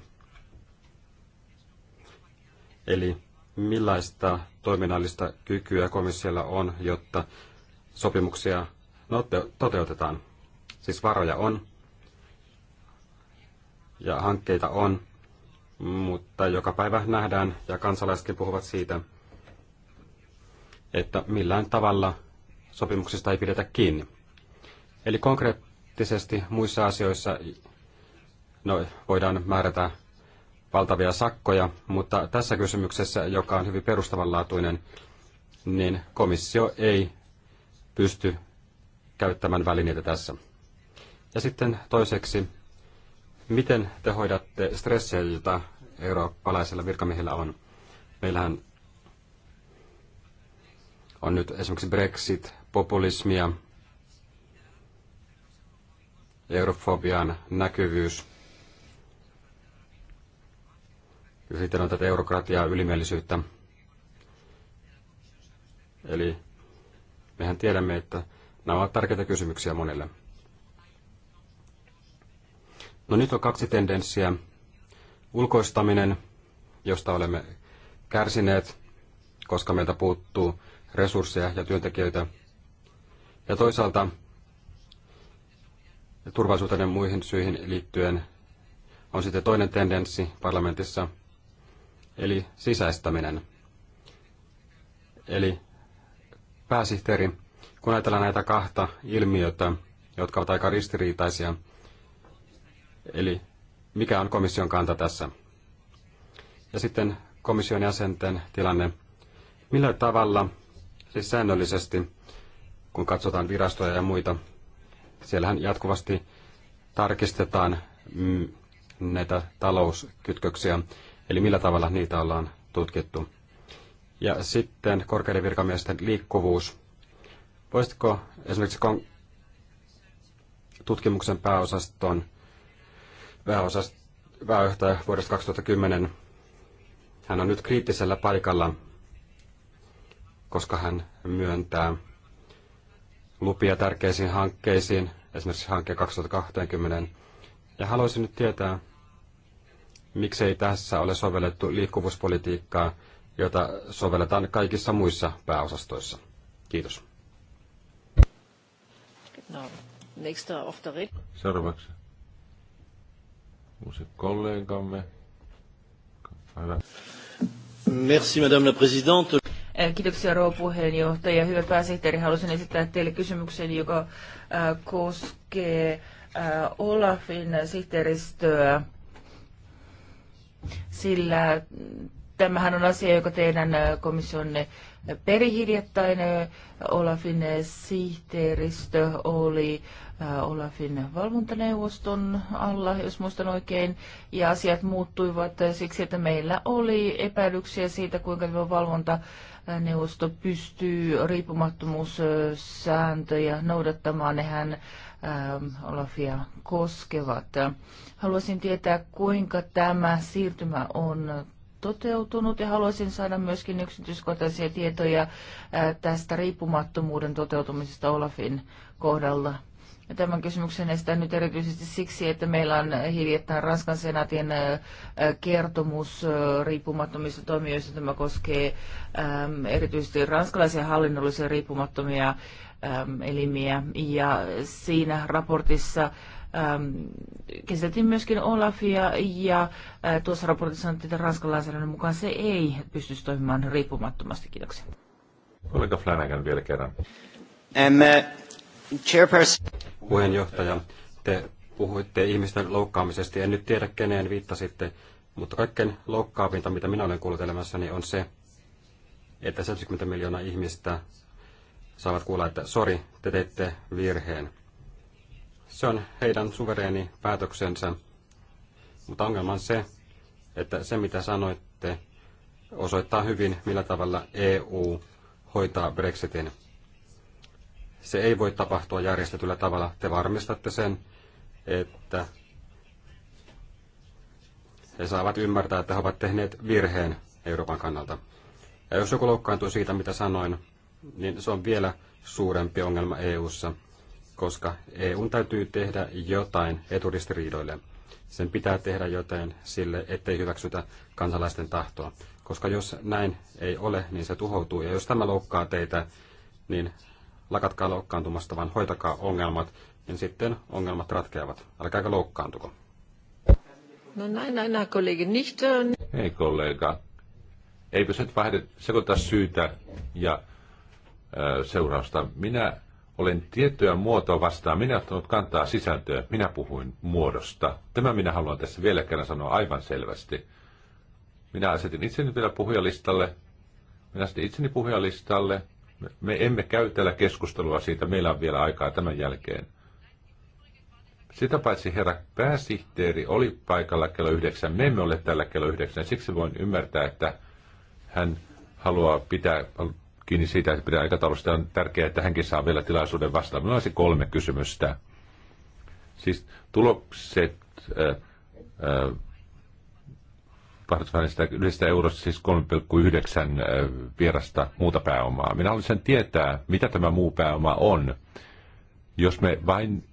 eli millaista toiminnallista kykyä komissiolla on, jotta sopimuksia toteutetaan. Siis varoja on ja hankkeita on, mutta joka päivä nähdään ja kansalaisetkin puhuvat siitä, että millään tavalla sopimuksista ei pidetä kiinni. Eli konkreettisesti muissa asioissa no, voidaan määrätä valtavia sakkoja, mutta tässä kysymyksessä, joka on hyvin perustavanlaatuinen, niin komissio ei pysty käyttämään välineitä tässä. Ja sitten toiseksi, miten te hoidatte stressiä, jota eurooppalaisilla virkamiehillä on? Meillähän on nyt esimerkiksi Brexit, populismia, eurofobian näkyvyys. Ja sitten on tätä eurokratiaa ylimielisyyttä. Eli mehän tiedämme, että nämä ovat tärkeitä kysymyksiä monille. No nyt on kaksi tendenssiä. Ulkoistaminen, josta olemme kärsineet, koska meiltä puuttuu resursseja ja työntekijöitä. Ja toisaalta turvallisuuteen ja muihin syihin liittyen on sitten toinen tendenssi parlamentissa, eli sisäistäminen. Eli pääsihteeri, kun ajatellaan näitä kahta ilmiötä, jotka ovat aika ristiriitaisia, eli mikä on komission kanta tässä? Ja sitten komission jäsenten tilanne. Millä tavalla siis säännöllisesti, kun katsotaan virastoja ja muita, siellähän jatkuvasti tarkistetaan mm, näitä talouskytköksiä, eli millä tavalla niitä ollaan tutkittu. Ja sitten korkeiden virkamiesten liikkuvuus. Voisitko esimerkiksi tutkimuksen pääosaston pääosast, pääjohtaja vuodesta 2010, hän on nyt kriittisellä paikalla koska hän myöntää lupia tärkeisiin hankkeisiin, esimerkiksi hankkeen 2020. Ja haluaisin nyt tietää, miksei tässä ole sovellettu liikkuvuuspolitiikkaa, jota sovelletaan kaikissa muissa pääosastoissa. Kiitos. No, Seuraavaksi uusi kollegamme. Hyvä. Merci, madame la présidente. Äh, kiitoksia rouva puheenjohtaja. Hyvä pääsihteeri, haluaisin esittää teille kysymyksen, joka äh, koskee äh, Olafin sihteeristöä, sillä tämähän on asia, joka teidän komissionne perihiljattain Olafin sihteeristö oli Olafin valvontaneuvoston alla, jos muistan oikein, ja asiat muuttuivat siksi, että meillä oli epäilyksiä siitä, kuinka tämä valvonta neuvosto pystyy riippumattomuussääntöjä noudattamaan, nehän ähm, Olafia koskevat. Haluaisin tietää, kuinka tämä siirtymä on toteutunut ja haluaisin saada myöskin yksityiskohtaisia tietoja äh, tästä riippumattomuuden toteutumisesta Olafin kohdalla Tämän kysymyksen estää nyt erityisesti siksi, että meillä on hiljattain Ranskan senaatin kertomus riippumattomista toimijoista. Tämä koskee erityisesti ranskalaisia hallinnollisia riippumattomia elimiä. Ja siinä raportissa käsiteltiin myöskin Olafia ja tuossa raportissa on että Ranskan lainsäädännön mukaan se ei pystyisi toimimaan riippumattomasti. Kiitoksia. Kollega Flanagan vielä kerran. And, uh... Chairperson. Puheenjohtaja, te puhuitte ihmisten loukkaamisesta. En nyt tiedä, keneen viittasitte, mutta kaikkein loukkaavinta, mitä minä olen kuullut elämässäni, on se, että 70 miljoonaa ihmistä saavat kuulla, että sori, te teitte virheen. Se on heidän suvereeni päätöksensä, mutta ongelma on se, että se mitä sanoitte osoittaa hyvin, millä tavalla EU hoitaa Brexitin. Se ei voi tapahtua järjestetyllä tavalla. Te varmistatte sen, että he saavat ymmärtää, että he ovat tehneet virheen Euroopan kannalta. Ja jos joku loukkaantuu siitä, mitä sanoin, niin se on vielä suurempi ongelma EU:ssa, koska EUn täytyy tehdä jotain eturistiriidoille. Sen pitää tehdä jotain sille, ettei hyväksytä kansalaisten tahtoa. Koska jos näin ei ole, niin se tuhoutuu. Ja jos tämä loukkaa teitä, niin lakatkaa loukkaantumasta, vaan hoitakaa ongelmat, niin sitten ongelmat ratkeavat. Älkääkä loukkaantuko. No näin, näin, näin, kollegi, nicht. Äh, Ei kollega. Eikö se nyt vähän sekoita syytä ja ö, äh, seurausta? Minä olen tiettyä muotoa vastaan. Minä ottanut kantaa sisältöä. Minä puhuin muodosta. Tämä minä haluan tässä vielä kerran sanoa aivan selvästi. Minä asetin itseni vielä puhujalistalle. Minä asetin itseni puhujalistalle. Me emme käy täällä keskustelua siitä, meillä on vielä aikaa tämän jälkeen. Sitä paitsi herra pääsihteeri oli paikalla kello yhdeksän. Me emme ole täällä kello yhdeksän. Siksi voin ymmärtää, että hän haluaa pitää kiinni siitä, että pitää aikataulusta. On tärkeää, että hänkin saa vielä tilaisuuden vastaan. Minulla olisi kolme kysymystä. Siis tulokset äh, äh, Partvanista yhdestä eurosta siis 3,9 vierasta muuta pääomaa. Minä haluaisin tietää, mitä tämä muu pääoma on. Jos me vain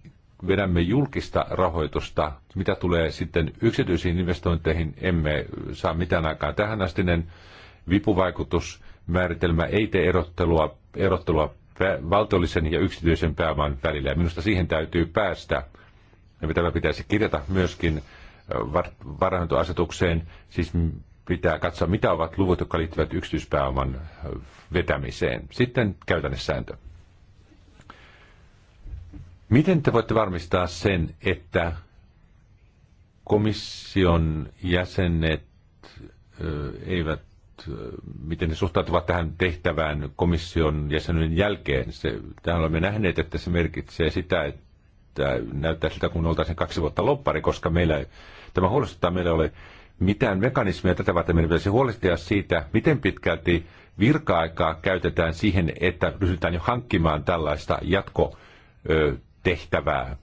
vedämme julkista rahoitusta, mitä tulee sitten yksityisiin investointeihin, emme saa mitään aikaa. Tähän astinen vipuvaikutusmääritelmä ei tee erottelua, erottelua valtiollisen ja yksityisen pääoman välillä. minusta siihen täytyy päästä. Ja tämä pitäisi kirjata myöskin varainhoitoasetukseen, siis pitää katsoa, mitä ovat luvut, jotka liittyvät yksityispääoman vetämiseen. Sitten käytännössääntö. Miten te voitte varmistaa sen, että komission jäsenet eivät, miten ne suhtautuvat tähän tehtävään komission jäsenyyden jälkeen? Se, täällä olemme nähneet, että se merkitsee sitä, että että näyttää siltä, kun oltaisiin kaksi vuotta loppari, koska meillä tämä huolestuttaa, meillä ole mitään mekanismia tätä varten. Meidän pitäisi huolehtia siitä, miten pitkälti virka-aikaa käytetään siihen, että ryhdytään jo hankkimaan tällaista jatkotehtävää.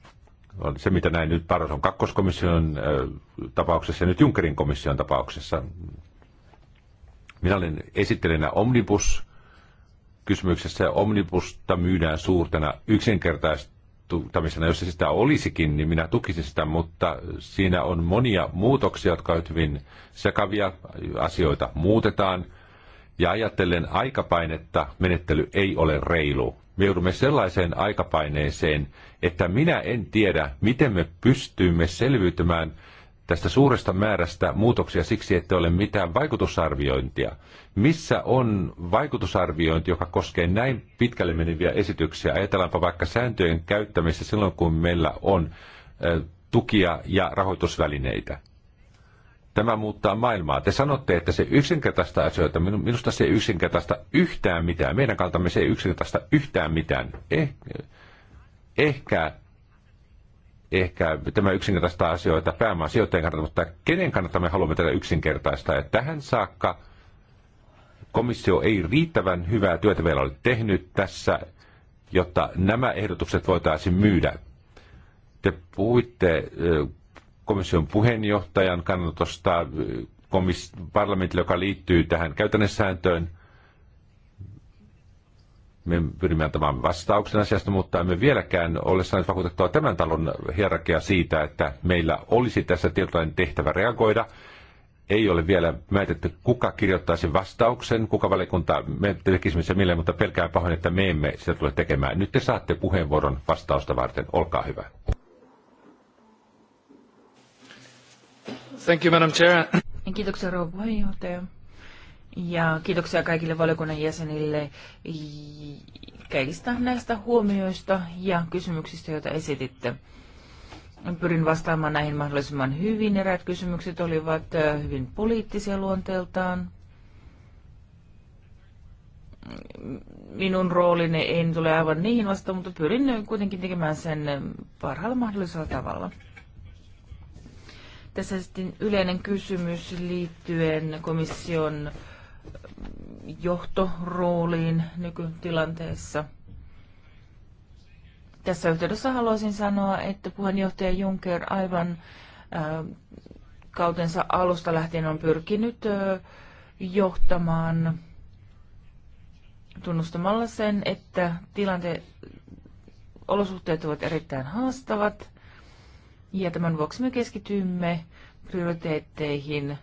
On se, mitä näin nyt Paroson kakkoskomission tapauksessa ja nyt Junckerin komission tapauksessa. Minä olen esittelenä Omnibus kysymyksessä ja Omnibusta myydään suurtena yksinkertaisesti muuttamisena. Jos se sitä olisikin, niin minä tukisin sitä, mutta siinä on monia muutoksia, jotka ovat hyvin sekavia asioita. Muutetaan ja ajattelen aikapainetta menettely ei ole reilu. Me joudumme sellaiseen aikapaineeseen, että minä en tiedä, miten me pystymme selviytymään – tästä suuresta määrästä muutoksia siksi, että ei ole mitään vaikutusarviointia. Missä on vaikutusarviointi, joka koskee näin pitkälle meneviä esityksiä? Ajatellaanpa vaikka sääntöjen käyttämistä silloin, kun meillä on tukia ja rahoitusvälineitä. Tämä muuttaa maailmaa. Te sanotte, että se yksinkertaista asioita. Minusta se yksinkertaista yhtään mitään. Meidän kaltamme se ei yksinkertaista yhtään mitään. Eh, ehkä ehkä tämä yksinkertaista asioita pääomaan sijoittajien kannalta, mutta kenen kannalta me haluamme tätä yksinkertaista Ja tähän saakka komissio ei riittävän hyvää työtä vielä ole tehnyt tässä, jotta nämä ehdotukset voitaisiin myydä. Te puhuitte komission puheenjohtajan kannatosta parlamentille, joka liittyy tähän käytännössääntöön – me pyrimme antamaan vastauksen asiasta, mutta emme vieläkään ole saaneet vakuutettua tämän talon hierarkia siitä, että meillä olisi tässä tietynlainen tehtävä reagoida. Ei ole vielä määritetty, kuka kirjoittaisi vastauksen, kuka valiokunta, me tekisimme sen milleen, mutta pelkään pahoin, että me emme sitä tule tekemään. Nyt te saatte puheenvuoron vastausta varten. Olkaa hyvä. Thank you, Madam Chair. Kiitoksia rouva puheenjohtaja. Ja kiitoksia kaikille valiokunnan jäsenille kaikista näistä huomioista ja kysymyksistä, joita esititte. Pyrin vastaamaan näihin mahdollisimman hyvin. Eräät kysymykset olivat hyvin poliittisia luonteeltaan. Minun roolini ei tule aivan niihin vasta, mutta pyrin kuitenkin tekemään sen parhaalla mahdollisella tavalla. Tässä sitten yleinen kysymys liittyen komission johtorooliin nykytilanteessa. Tässä yhteydessä haluaisin sanoa, että puheenjohtaja Juncker aivan kautensa alusta lähtien on pyrkinyt johtamaan tunnustamalla sen, että tilante, olosuhteet ovat erittäin haastavat. Ja tämän vuoksi me keskitymme prioriteetteihin –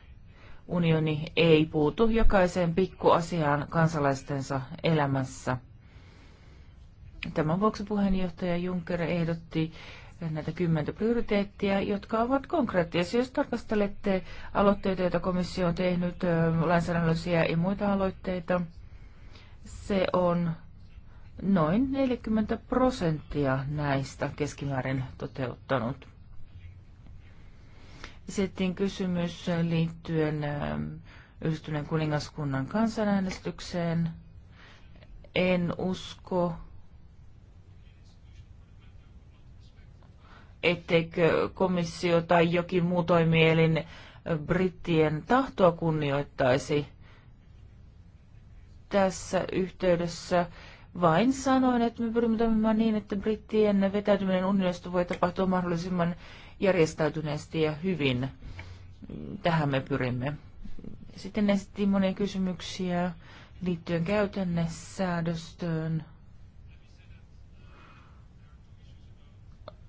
unioni ei puutu jokaiseen pikkuasiaan kansalaistensa elämässä. Tämän vuoksi puheenjohtaja Juncker ehdotti näitä kymmentä prioriteettia, jotka ovat konkreettisia. Jos tarkastelette aloitteita, joita komissio on tehnyt, lainsäädännöllisiä ja muita aloitteita, se on noin 40 prosenttia näistä keskimäärin toteuttanut. Sitten kysymys liittyen ähm, yhdistyneen kuningaskunnan kansanäänestykseen. En usko, etteikö komissio tai jokin muu toimielin äh, brittien tahtoa kunnioittaisi tässä yhteydessä. Vain sanoin, että me pyrimme toimimaan niin, että brittien vetäytyminen unionista voi tapahtua mahdollisimman järjestäytyneesti ja hyvin. Tähän me pyrimme. Sitten esittiin monia kysymyksiä liittyen käytännessäädöstöön.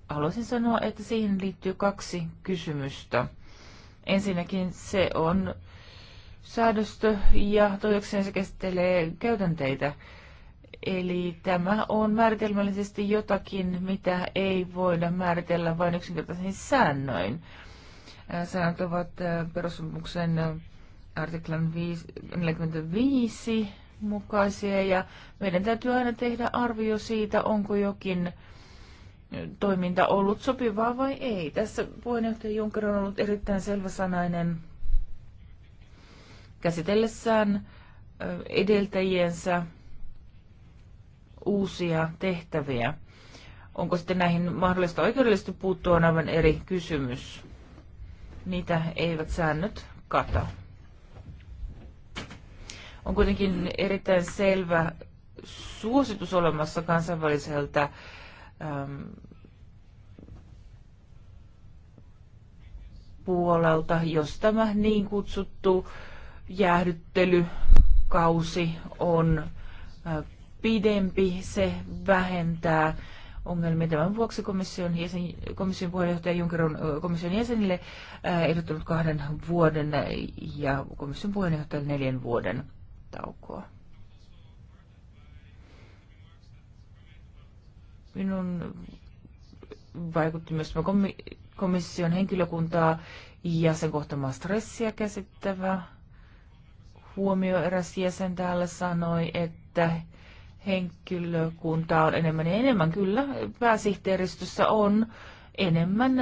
Haluaisin sanoa, että siihen liittyy kaksi kysymystä. Ensinnäkin se on säädöstö ja toisekseen se käsittelee käytänteitä. Eli tämä on määritelmällisesti jotakin, mitä ei voida määritellä vain yksinkertaisen säännöin. Säännöt ovat perussopimuksen artiklan 45 mukaisia ja meidän täytyy aina tehdä arvio siitä, onko jokin toiminta ollut sopivaa vai ei. Tässä puheenjohtaja Juncker on ollut erittäin selväsanainen käsitellessään edeltäjiensä uusia tehtäviä. Onko sitten näihin mahdollista oikeudellisesti puuttua on aivan eri kysymys. Niitä eivät säännöt kata. On kuitenkin erittäin selvä suositus olemassa kansainväliseltä ähm, puolelta, jos tämä niin kutsuttu jäähdyttelykausi on äh, pidempi, se vähentää ongelmia. Tämän vuoksi komission, jäsen, komission puheenjohtaja Juncker on komission jäsenille ehdottanut kahden vuoden ja komission puheenjohtajalle neljän vuoden taukoa. Minun vaikutti myös tämä komission henkilökuntaa ja sen kohtamaa stressiä käsittävä huomio. Eräs jäsen täällä sanoi, että henkilökuntaa on enemmän ja enemmän. Kyllä, pääsihteeristössä on enemmän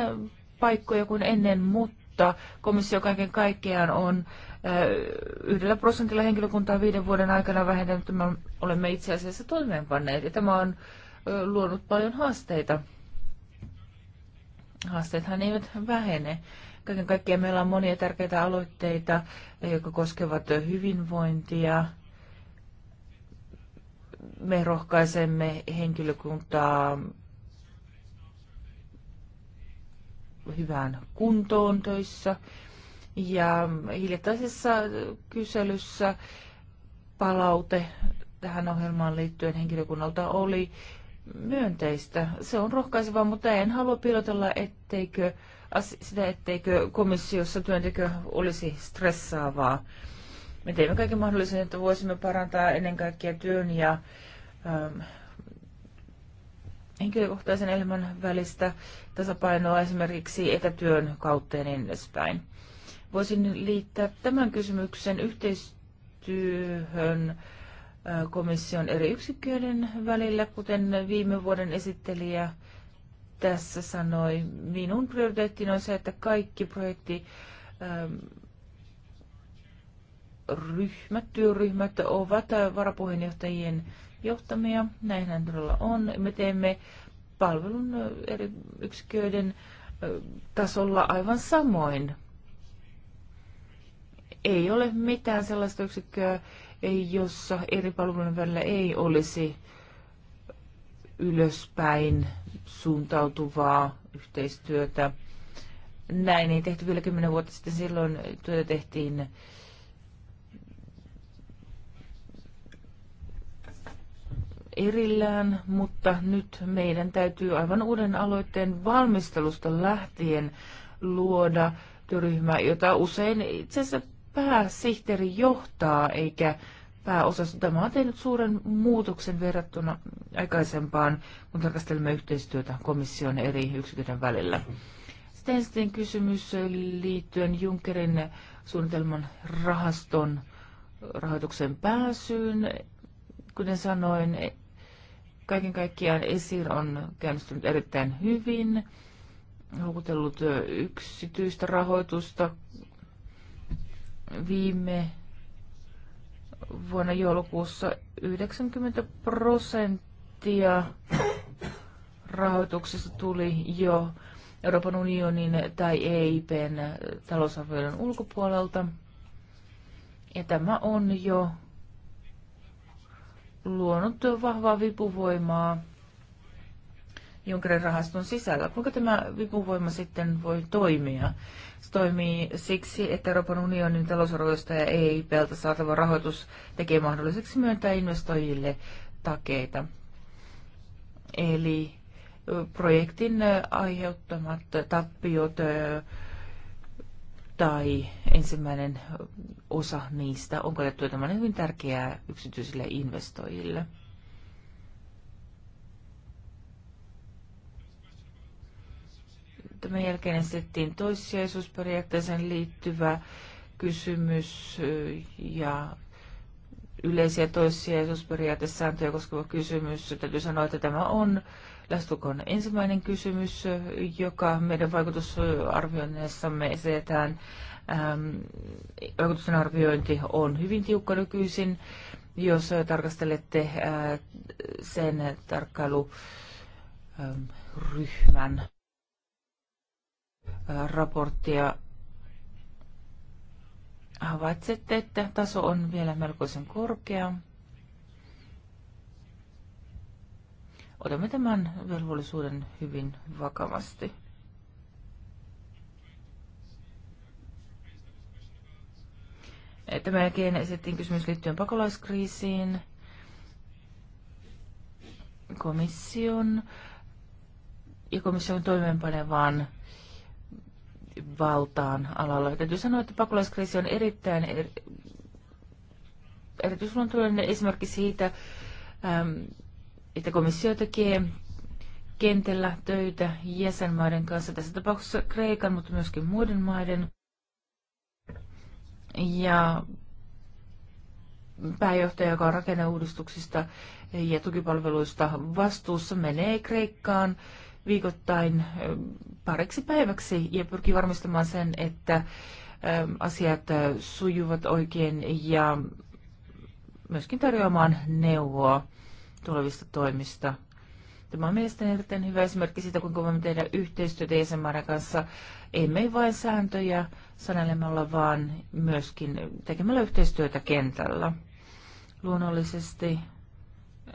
paikkoja kuin ennen, mutta komissio kaiken kaikkiaan on äh, yhdellä prosentilla henkilökuntaa viiden vuoden aikana vähentänyt. me olemme itse asiassa toimeenpanneet ja tämä on luonut paljon haasteita. Haasteethan eivät vähene. Kaiken kaikkiaan meillä on monia tärkeitä aloitteita, jotka koskevat hyvinvointia, me rohkaisemme henkilökuntaa hyvään kuntoon töissä. Ja hiljattaisessa kyselyssä palaute tähän ohjelmaan liittyen henkilökunnalta oli myönteistä. Se on rohkaisevaa, mutta en halua pilotella, etteikö sitä, etteikö komissiossa työntekö olisi stressaavaa. Me teemme kaiken mahdollisen, että voisimme parantaa ennen kaikkea työn ja ähm, henkilökohtaisen elämän välistä tasapainoa esimerkiksi etätyön kautta ja niin edespäin. Voisin liittää tämän kysymyksen yhteistyöhön äh, komission eri yksiköiden välillä, kuten viime vuoden esittelijä tässä sanoi. Minun prioriteettini on se, että kaikki projekti ähm, ryhmät, työryhmät ovat varapuheenjohtajien johtamia. Näinhän todella on. Me teemme palvelun eri yksiköiden tasolla aivan samoin. Ei ole mitään sellaista yksikköä, jossa eri palvelujen välillä ei olisi ylöspäin suuntautuvaa yhteistyötä. Näin ei tehty vielä kymmenen vuotta sitten. Silloin työtä tehtiin erillään, mutta nyt meidän täytyy aivan uuden aloitteen valmistelusta lähtien luoda työryhmä, jota usein itse asiassa pääsihteeri johtaa, eikä pääosassa. Tämä on tehnyt suuren muutoksen verrattuna aikaisempaan, kun tarkastelemme yhteistyötä komission eri yksiköiden välillä. Sitten sitten kysymys liittyen Junckerin suunnitelman rahaston rahoituksen pääsyyn. Kuten sanoin, Kaiken kaikkiaan ESIR on käynnistynyt erittäin hyvin, houkutellut yksityistä rahoitusta viime vuonna joulukuussa 90 prosenttia rahoituksesta tuli jo Euroopan unionin tai EIPn talousarvioiden ulkopuolelta. Ja tämä on jo luonut vahvaa vipuvoimaa Junckerin rahaston sisällä. Kuinka tämä vipuvoima sitten voi toimia? Se toimii siksi, että Euroopan unionin talousarvoista ja EIPltä saatava rahoitus tekee mahdolliseksi myöntää investoijille takeita. Eli projektin aiheuttamat tappiot tai ensimmäinen osa niistä on katettu. Tämä hyvin tärkeää yksityisille investoijille. Tämän jälkeen esitettiin toissijaisuusperiaatteeseen liittyvä kysymys ja yleisiä toissijaisuusperiaatesääntöjä koskeva kysymys. Täytyy sanoa, että tämä on Lastukon ensimmäinen kysymys, joka meidän vaikutusarvioinnissamme esitetään. Ähm, vaikutusten arviointi on hyvin tiukka nykyisin, jos tarkastelette äh, sen tarkkailuryhmän ähm, äh, raporttia. Havaitsette, että taso on vielä melkoisen korkea. otamme tämän velvollisuuden hyvin vakavasti. Tämän jälkeen esitettiin kysymys liittyen pakolaiskriisiin. Komission ja komission toimeenpanevaan valtaan alalla. Täytyy sanoa, että pakolaiskriisi on erittäin er, erityisluontoinen esimerkki siitä, että komissio tekee kentällä töitä jäsenmaiden kanssa, tässä tapauksessa Kreikan, mutta myöskin muiden maiden. Ja pääjohtaja, joka on rakenneuudistuksista ja tukipalveluista vastuussa, menee Kreikkaan viikoittain ähm, pariksi päiväksi ja pyrkii varmistamaan sen, että ähm, asiat äh, sujuvat oikein ja myöskin tarjoamaan neuvoa tulevista toimista. Tämä on mielestäni erittäin hyvä esimerkki siitä, kuinka voimme tehdä yhteistyötä jäsenmaiden kanssa, emme vain sääntöjä sanelemalla, vaan myöskin tekemällä yhteistyötä kentällä. Luonnollisesti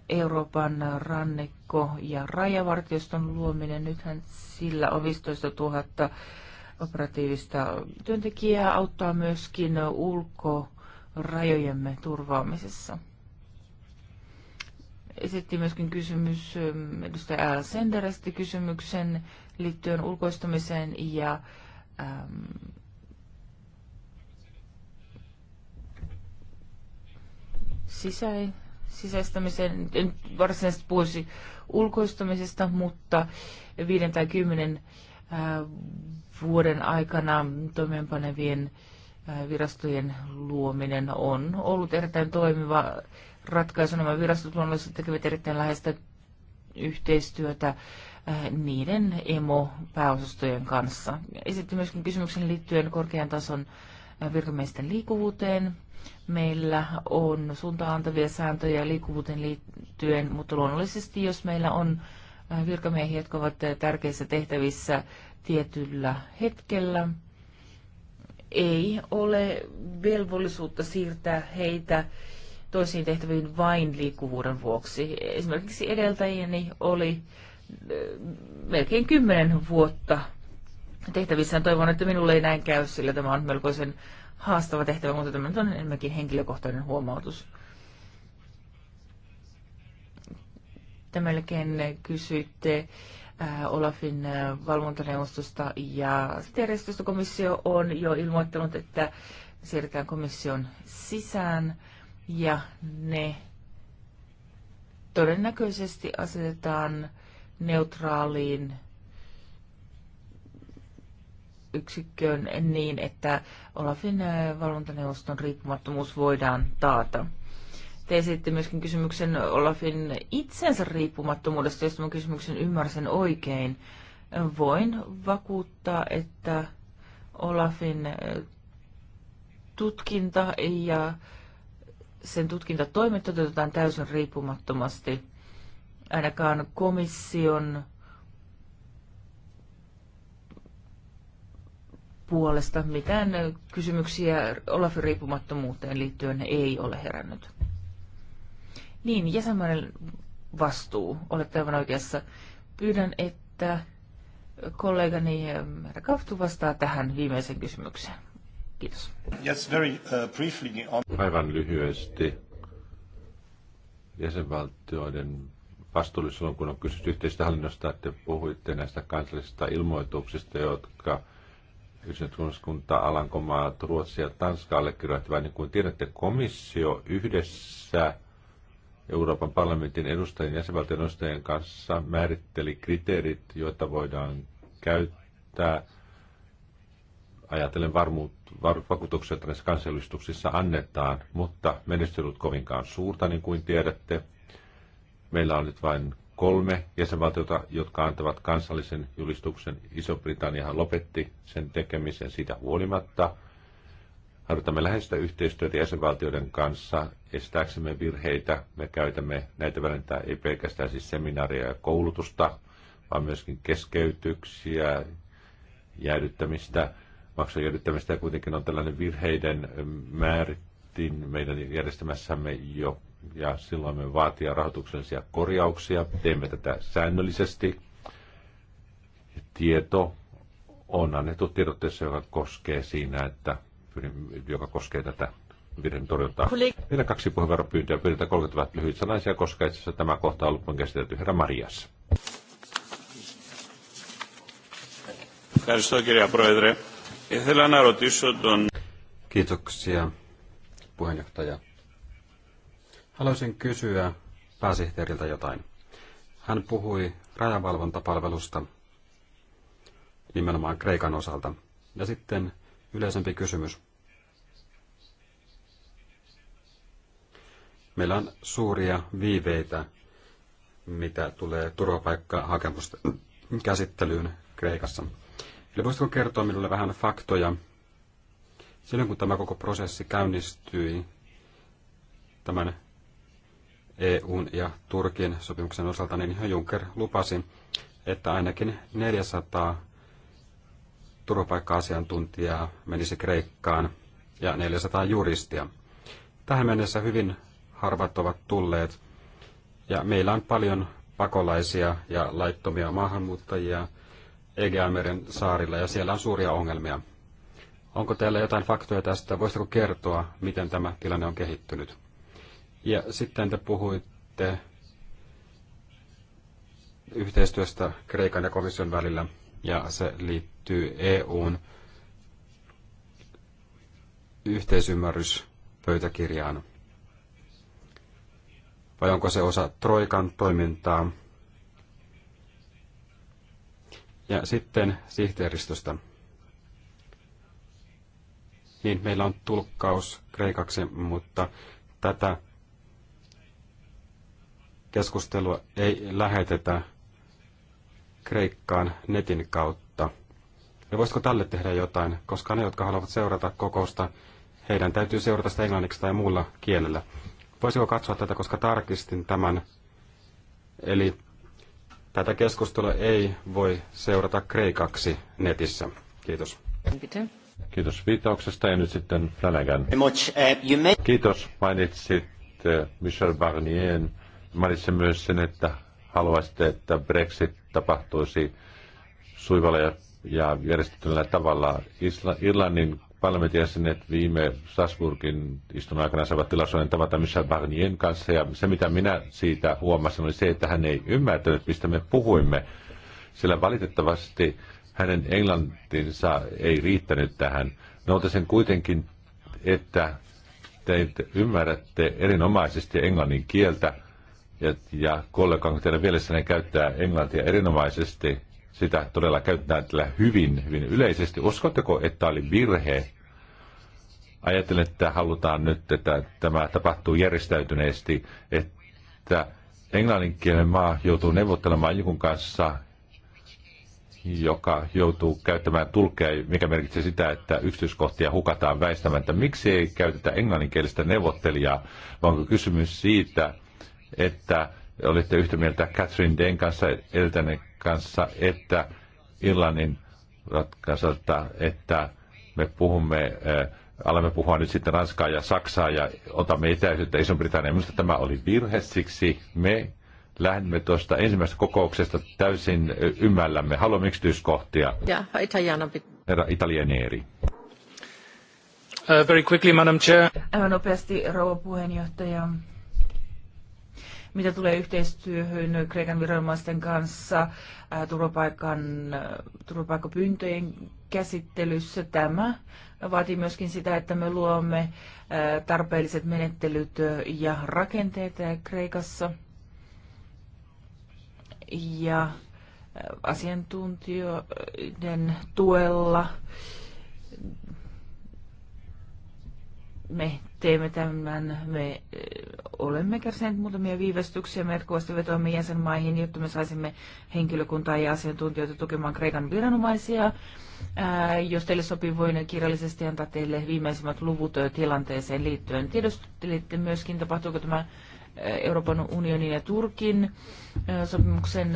Euroopan rannikko- ja rajavartioston luominen, nythän sillä on 15 000 operatiivista työntekijää, auttaa myöskin ulkorajojemme turvaamisessa. Esitti myöskin kysymys, ähm, edustaja Al esitti kysymyksen liittyen ulkoistamiseen ja äm, sisäi, sisäistämiseen. En varsinaisesti puhuisi ulkoistamisesta, mutta viiden tai kymmenen äh, vuoden aikana toimeenpanevien äh, virastojen luominen on ollut erittäin toimiva ratkaisu. Nämä virastot luonnollisesti tekevät erittäin läheistä yhteistyötä äh, niiden emo-pääosastojen kanssa. Esitti myöskin kysymyksen liittyen korkean tason äh, virkamiesten liikkuvuuteen. Meillä on suuntaantavia sääntöjä liikkuvuuteen liittyen, mutta luonnollisesti jos meillä on äh, virkamiehiä, jotka ovat tärkeissä tehtävissä tietyllä hetkellä, ei ole velvollisuutta siirtää heitä toisiin tehtäviin vain liikkuvuuden vuoksi. Esimerkiksi edeltäjieni oli äh, melkein kymmenen vuotta tehtävissään. Toivon, että minulle ei näin käy, sillä tämä on melkoisen haastava tehtävä, mutta tämä on enemmänkin henkilökohtainen huomautus. Te melkein kysyitte äh, Olafin äh, valvontaneuvostosta ja järjestöstä komissio on jo ilmoittanut, että siirretään komission sisään ja ne todennäköisesti asetetaan neutraaliin yksikköön niin, että Olafin äh, valvontaneuvoston riippumattomuus voidaan taata. Te esitte myöskin kysymyksen Olafin itsensä riippumattomuudesta, jos tämän kysymyksen ymmärsen oikein. Voin vakuuttaa, että Olafin äh, tutkinta ja sen tutkintatoimet toteutetaan täysin riippumattomasti. Ainakaan komission puolesta mitään kysymyksiä Olafin riippumattomuuteen liittyen ei ole herännyt. Niin, jäsenmaiden vastuu. Olette aivan oikeassa. Pyydän, että kollegani Kaftu vastaa tähän viimeiseen kysymykseen. Kiitos. Yes, very, uh, briefly on... Aivan lyhyesti jäsenvaltioiden vastuullisuus silloin, kun on kysytty yhteistä hallinnosta, että puhuitte näistä kansallisista ilmoituksista, jotka yhdistyskunta Alankomaat, Ruotsi ja Tanska allekirjoittivat. Niin kuin tiedätte, komissio yhdessä Euroopan parlamentin edustajien jäsenvaltioiden edustajien kanssa määritteli kriteerit, joita voidaan käyttää – ajatellen varmuut, var, vakuutuksia, joita näissä kansallistuksissa annetaan, mutta menestys ei kovinkaan suurta, niin kuin tiedätte. Meillä on nyt vain kolme jäsenvaltiota, jotka antavat kansallisen julistuksen. Iso-Britanniahan lopetti sen tekemisen siitä huolimatta. Harjoitamme läheistä yhteistyötä jäsenvaltioiden kanssa, estääksemme virheitä. Me käytämme näitä välintää ei pelkästään siis seminaaria ja koulutusta, vaan myöskin keskeytyksiä, jäädyttämistä, maksujen jäädyttämistä kuitenkin on tällainen virheiden ähm, määritin meidän järjestelmässämme jo, ja silloin me vaatia rahoituksellisia korjauksia. Teemme tätä säännöllisesti. Tieto on annettu tiedotteessa, joka koskee siinä, että joka koskee tätä virheen torjuntaa. Vielä kaksi puheenvuoropyyntöä. Pyydetään 30 000 lyhyt sanaisia, koska itse asiassa tämä kohta on loppuun käsitelty. Herra Marias. Kiitos, κύριε Kiitoksia, puheenjohtaja. Haluaisin kysyä pääsihteeriltä jotain. Hän puhui rajavalvontapalvelusta nimenomaan Kreikan osalta. Ja sitten yleisempi kysymys. Meillä on suuria viiveitä, mitä tulee turvapaikkahakemusten käsittelyyn Kreikassa. Eli voisitko kertoa minulle vähän faktoja? Silloin kun tämä koko prosessi käynnistyi tämän EUn ja Turkin sopimuksen osalta, niin Juncker lupasi, että ainakin 400 turvapaikka-asiantuntijaa menisi Kreikkaan ja 400 juristia. Tähän mennessä hyvin harvat ovat tulleet ja meillä on paljon pakolaisia ja laittomia maahanmuuttajia – Egeameren saarilla ja siellä on suuria ongelmia. Onko teillä jotain faktoja tästä? Voisitko kertoa, miten tämä tilanne on kehittynyt? Ja sitten te puhuitte yhteistyöstä Kreikan ja komission välillä, ja se liittyy EUn yhteisymmärryspöytäkirjaan. Vai onko se osa Troikan toimintaa? Ja sitten sihteeristöstä. Niin, meillä on tulkkaus kreikaksi, mutta tätä keskustelua ei lähetetä Kreikkaan netin kautta. Ja voisiko tälle tehdä jotain, koska ne, jotka haluavat seurata kokousta, heidän täytyy seurata sitä englanniksi tai muulla kielellä. Voisiko katsoa tätä, koska tarkistin tämän. Eli Tätä keskustelua ei voi seurata kreikaksi netissä. Kiitos. Kiitos viitauksesta ja nyt sitten Flanagan. Uh, Kiitos. Mainitsit uh, Michel Barnier. Mainitsin myös sen, että haluaisitte, että Brexit tapahtuisi suivalla ja, ja tavalla. Irlannin parlamentin jäsenet viime Strasbourgin istunnon aikana saivat tilaisuuden tavata Michel Barnien kanssa. Ja se, mitä minä siitä huomasin, oli se, että hän ei ymmärtänyt, mistä me puhuimme. Sillä valitettavasti hänen englantinsa ei riittänyt tähän. Noutasin kuitenkin, että te ymmärrätte erinomaisesti englannin kieltä ja, ja kollegan teidän mielessänne käyttää englantia erinomaisesti. Sitä todella käytetään tällä hyvin, hyvin yleisesti. Uskotteko, että oli virhe, Ajattelen, että halutaan nyt, että tämä tapahtuu järjestäytyneesti, että englanninkielinen maa joutuu neuvottelemaan jonkun kanssa, joka joutuu käyttämään tulkkeja, mikä merkitsee sitä, että yksityiskohtia hukataan väistämättä. Miksi ei käytetä englanninkielistä neuvottelijaa, vaan onko kysymys siitä, että olitte yhtä mieltä Catherine Den kanssa, Eltänen kanssa, että Irlannin ratkaisulta, että me puhumme äh, alamme puhua nyt sitten Ranskaa ja Saksaa ja otamme etäisyyttä Iso-Britanniaan. Minusta tämä oli virhe, siksi me lähdemme tuosta ensimmäisestä kokouksesta täysin ymmällämme. Haluamme yksityiskohtia. Ja, italiana. Herra Italianieri. Uh, very quickly, Madam Chair. Aivan nopeasti, rouva puheenjohtaja. Mitä tulee yhteistyöhön Kreikan viranomaisten kanssa turvapaikan, turvapaikkapyyntöjen käsittelyssä, tämä vaatii myöskin sitä, että me luomme tarpeelliset menettelyt ja rakenteet Kreikassa. Ja asiantuntijoiden tuella me teemme tämän, me olemme kärsineet muutamia viivästyksiä, me jatkuvasti vetoamme jäsenmaihin, jotta me saisimme henkilökuntaa ja asiantuntijoita tukemaan Kreikan viranomaisia. Ää, jos teille sopii, voin kirjallisesti antaa teille viimeisimmät luvut tilanteeseen liittyen. Tiedostelitte myöskin, tapahtuuko tämä Euroopan unionin ja Turkin sopimuksen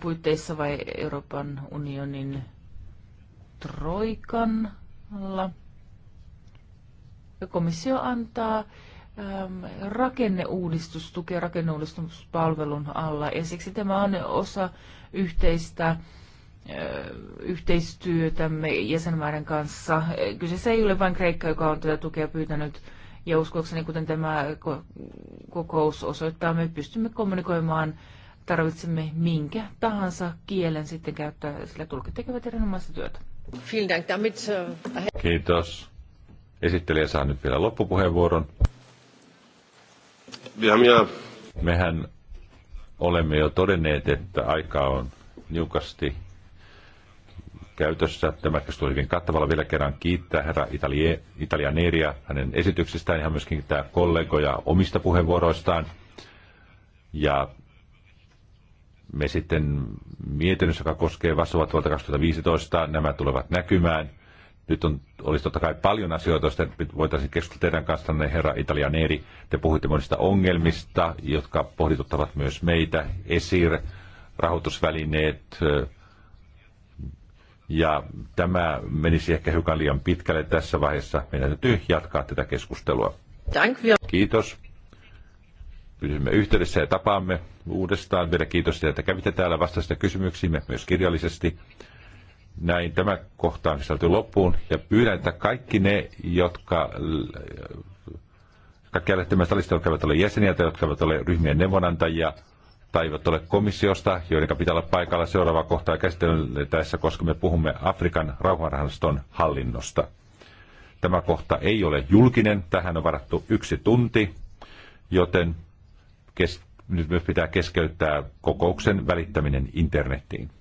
puitteissa vai Euroopan unionin troikan alla komissio antaa äm, rakenneuudistustukea rakenneuudistuspalvelun alla ja siksi tämä on osa yhteistä äh, yhteistyötämme jäsenmaiden kanssa. Kyseessä ei ole vain Kreikka, joka on tätä tukea pyytänyt, ja uskoakseni, kuten tämä kokous osoittaa, me pystymme kommunikoimaan tarvitsemme minkä tahansa kielen sitten käyttää, sillä tulkit tekevät erinomaista työtä. Äh, Kiitos. Esittelijä saa nyt vielä loppupuheenvuoron. Ja minä... Mehän olemme jo todenneet, että aika on niukasti käytössä. Tämä keskustelu hyvin kattavalla. Vielä kerran kiittää herra Italie, Italianeeria hänen esityksestään. ja myöskin tämä kollegoja omista puheenvuoroistaan. Ja me sitten mietinnössä, joka koskee vastuuvat vuotta 2015, nämä tulevat näkymään. Nyt on, olisi totta kai paljon asioita, joista voitaisiin keskustella teidän kanssanne, herra Italianeri. Te puhuitte monista ongelmista, jotka pohdituttavat myös meitä. ESIR, rahoitusvälineet, ja tämä menisi ehkä hiukan liian pitkälle tässä vaiheessa. Meidän täytyy jatkaa tätä keskustelua. Kiitos. Pysymme yhteydessä ja tapaamme uudestaan. Vielä kiitos, että kävitte täällä vastaista kysymyksiimme myös kirjallisesti. Näin tämä kohta on sisälty loppuun ja pyydän, että kaikki ne, jotka kaikki lähtemään salista, jotka eivät ole jäseniä tai jotka eivät ole ryhmien neuvonantajia tai eivät ole komissiosta, joiden pitää olla paikalla seuraava kohtaa käsitellä tässä, koska me puhumme Afrikan rauhanrahaston hallinnosta. Tämä kohta ei ole julkinen, tähän on varattu yksi tunti, joten kes- nyt myös pitää keskeyttää kokouksen välittäminen internettiin.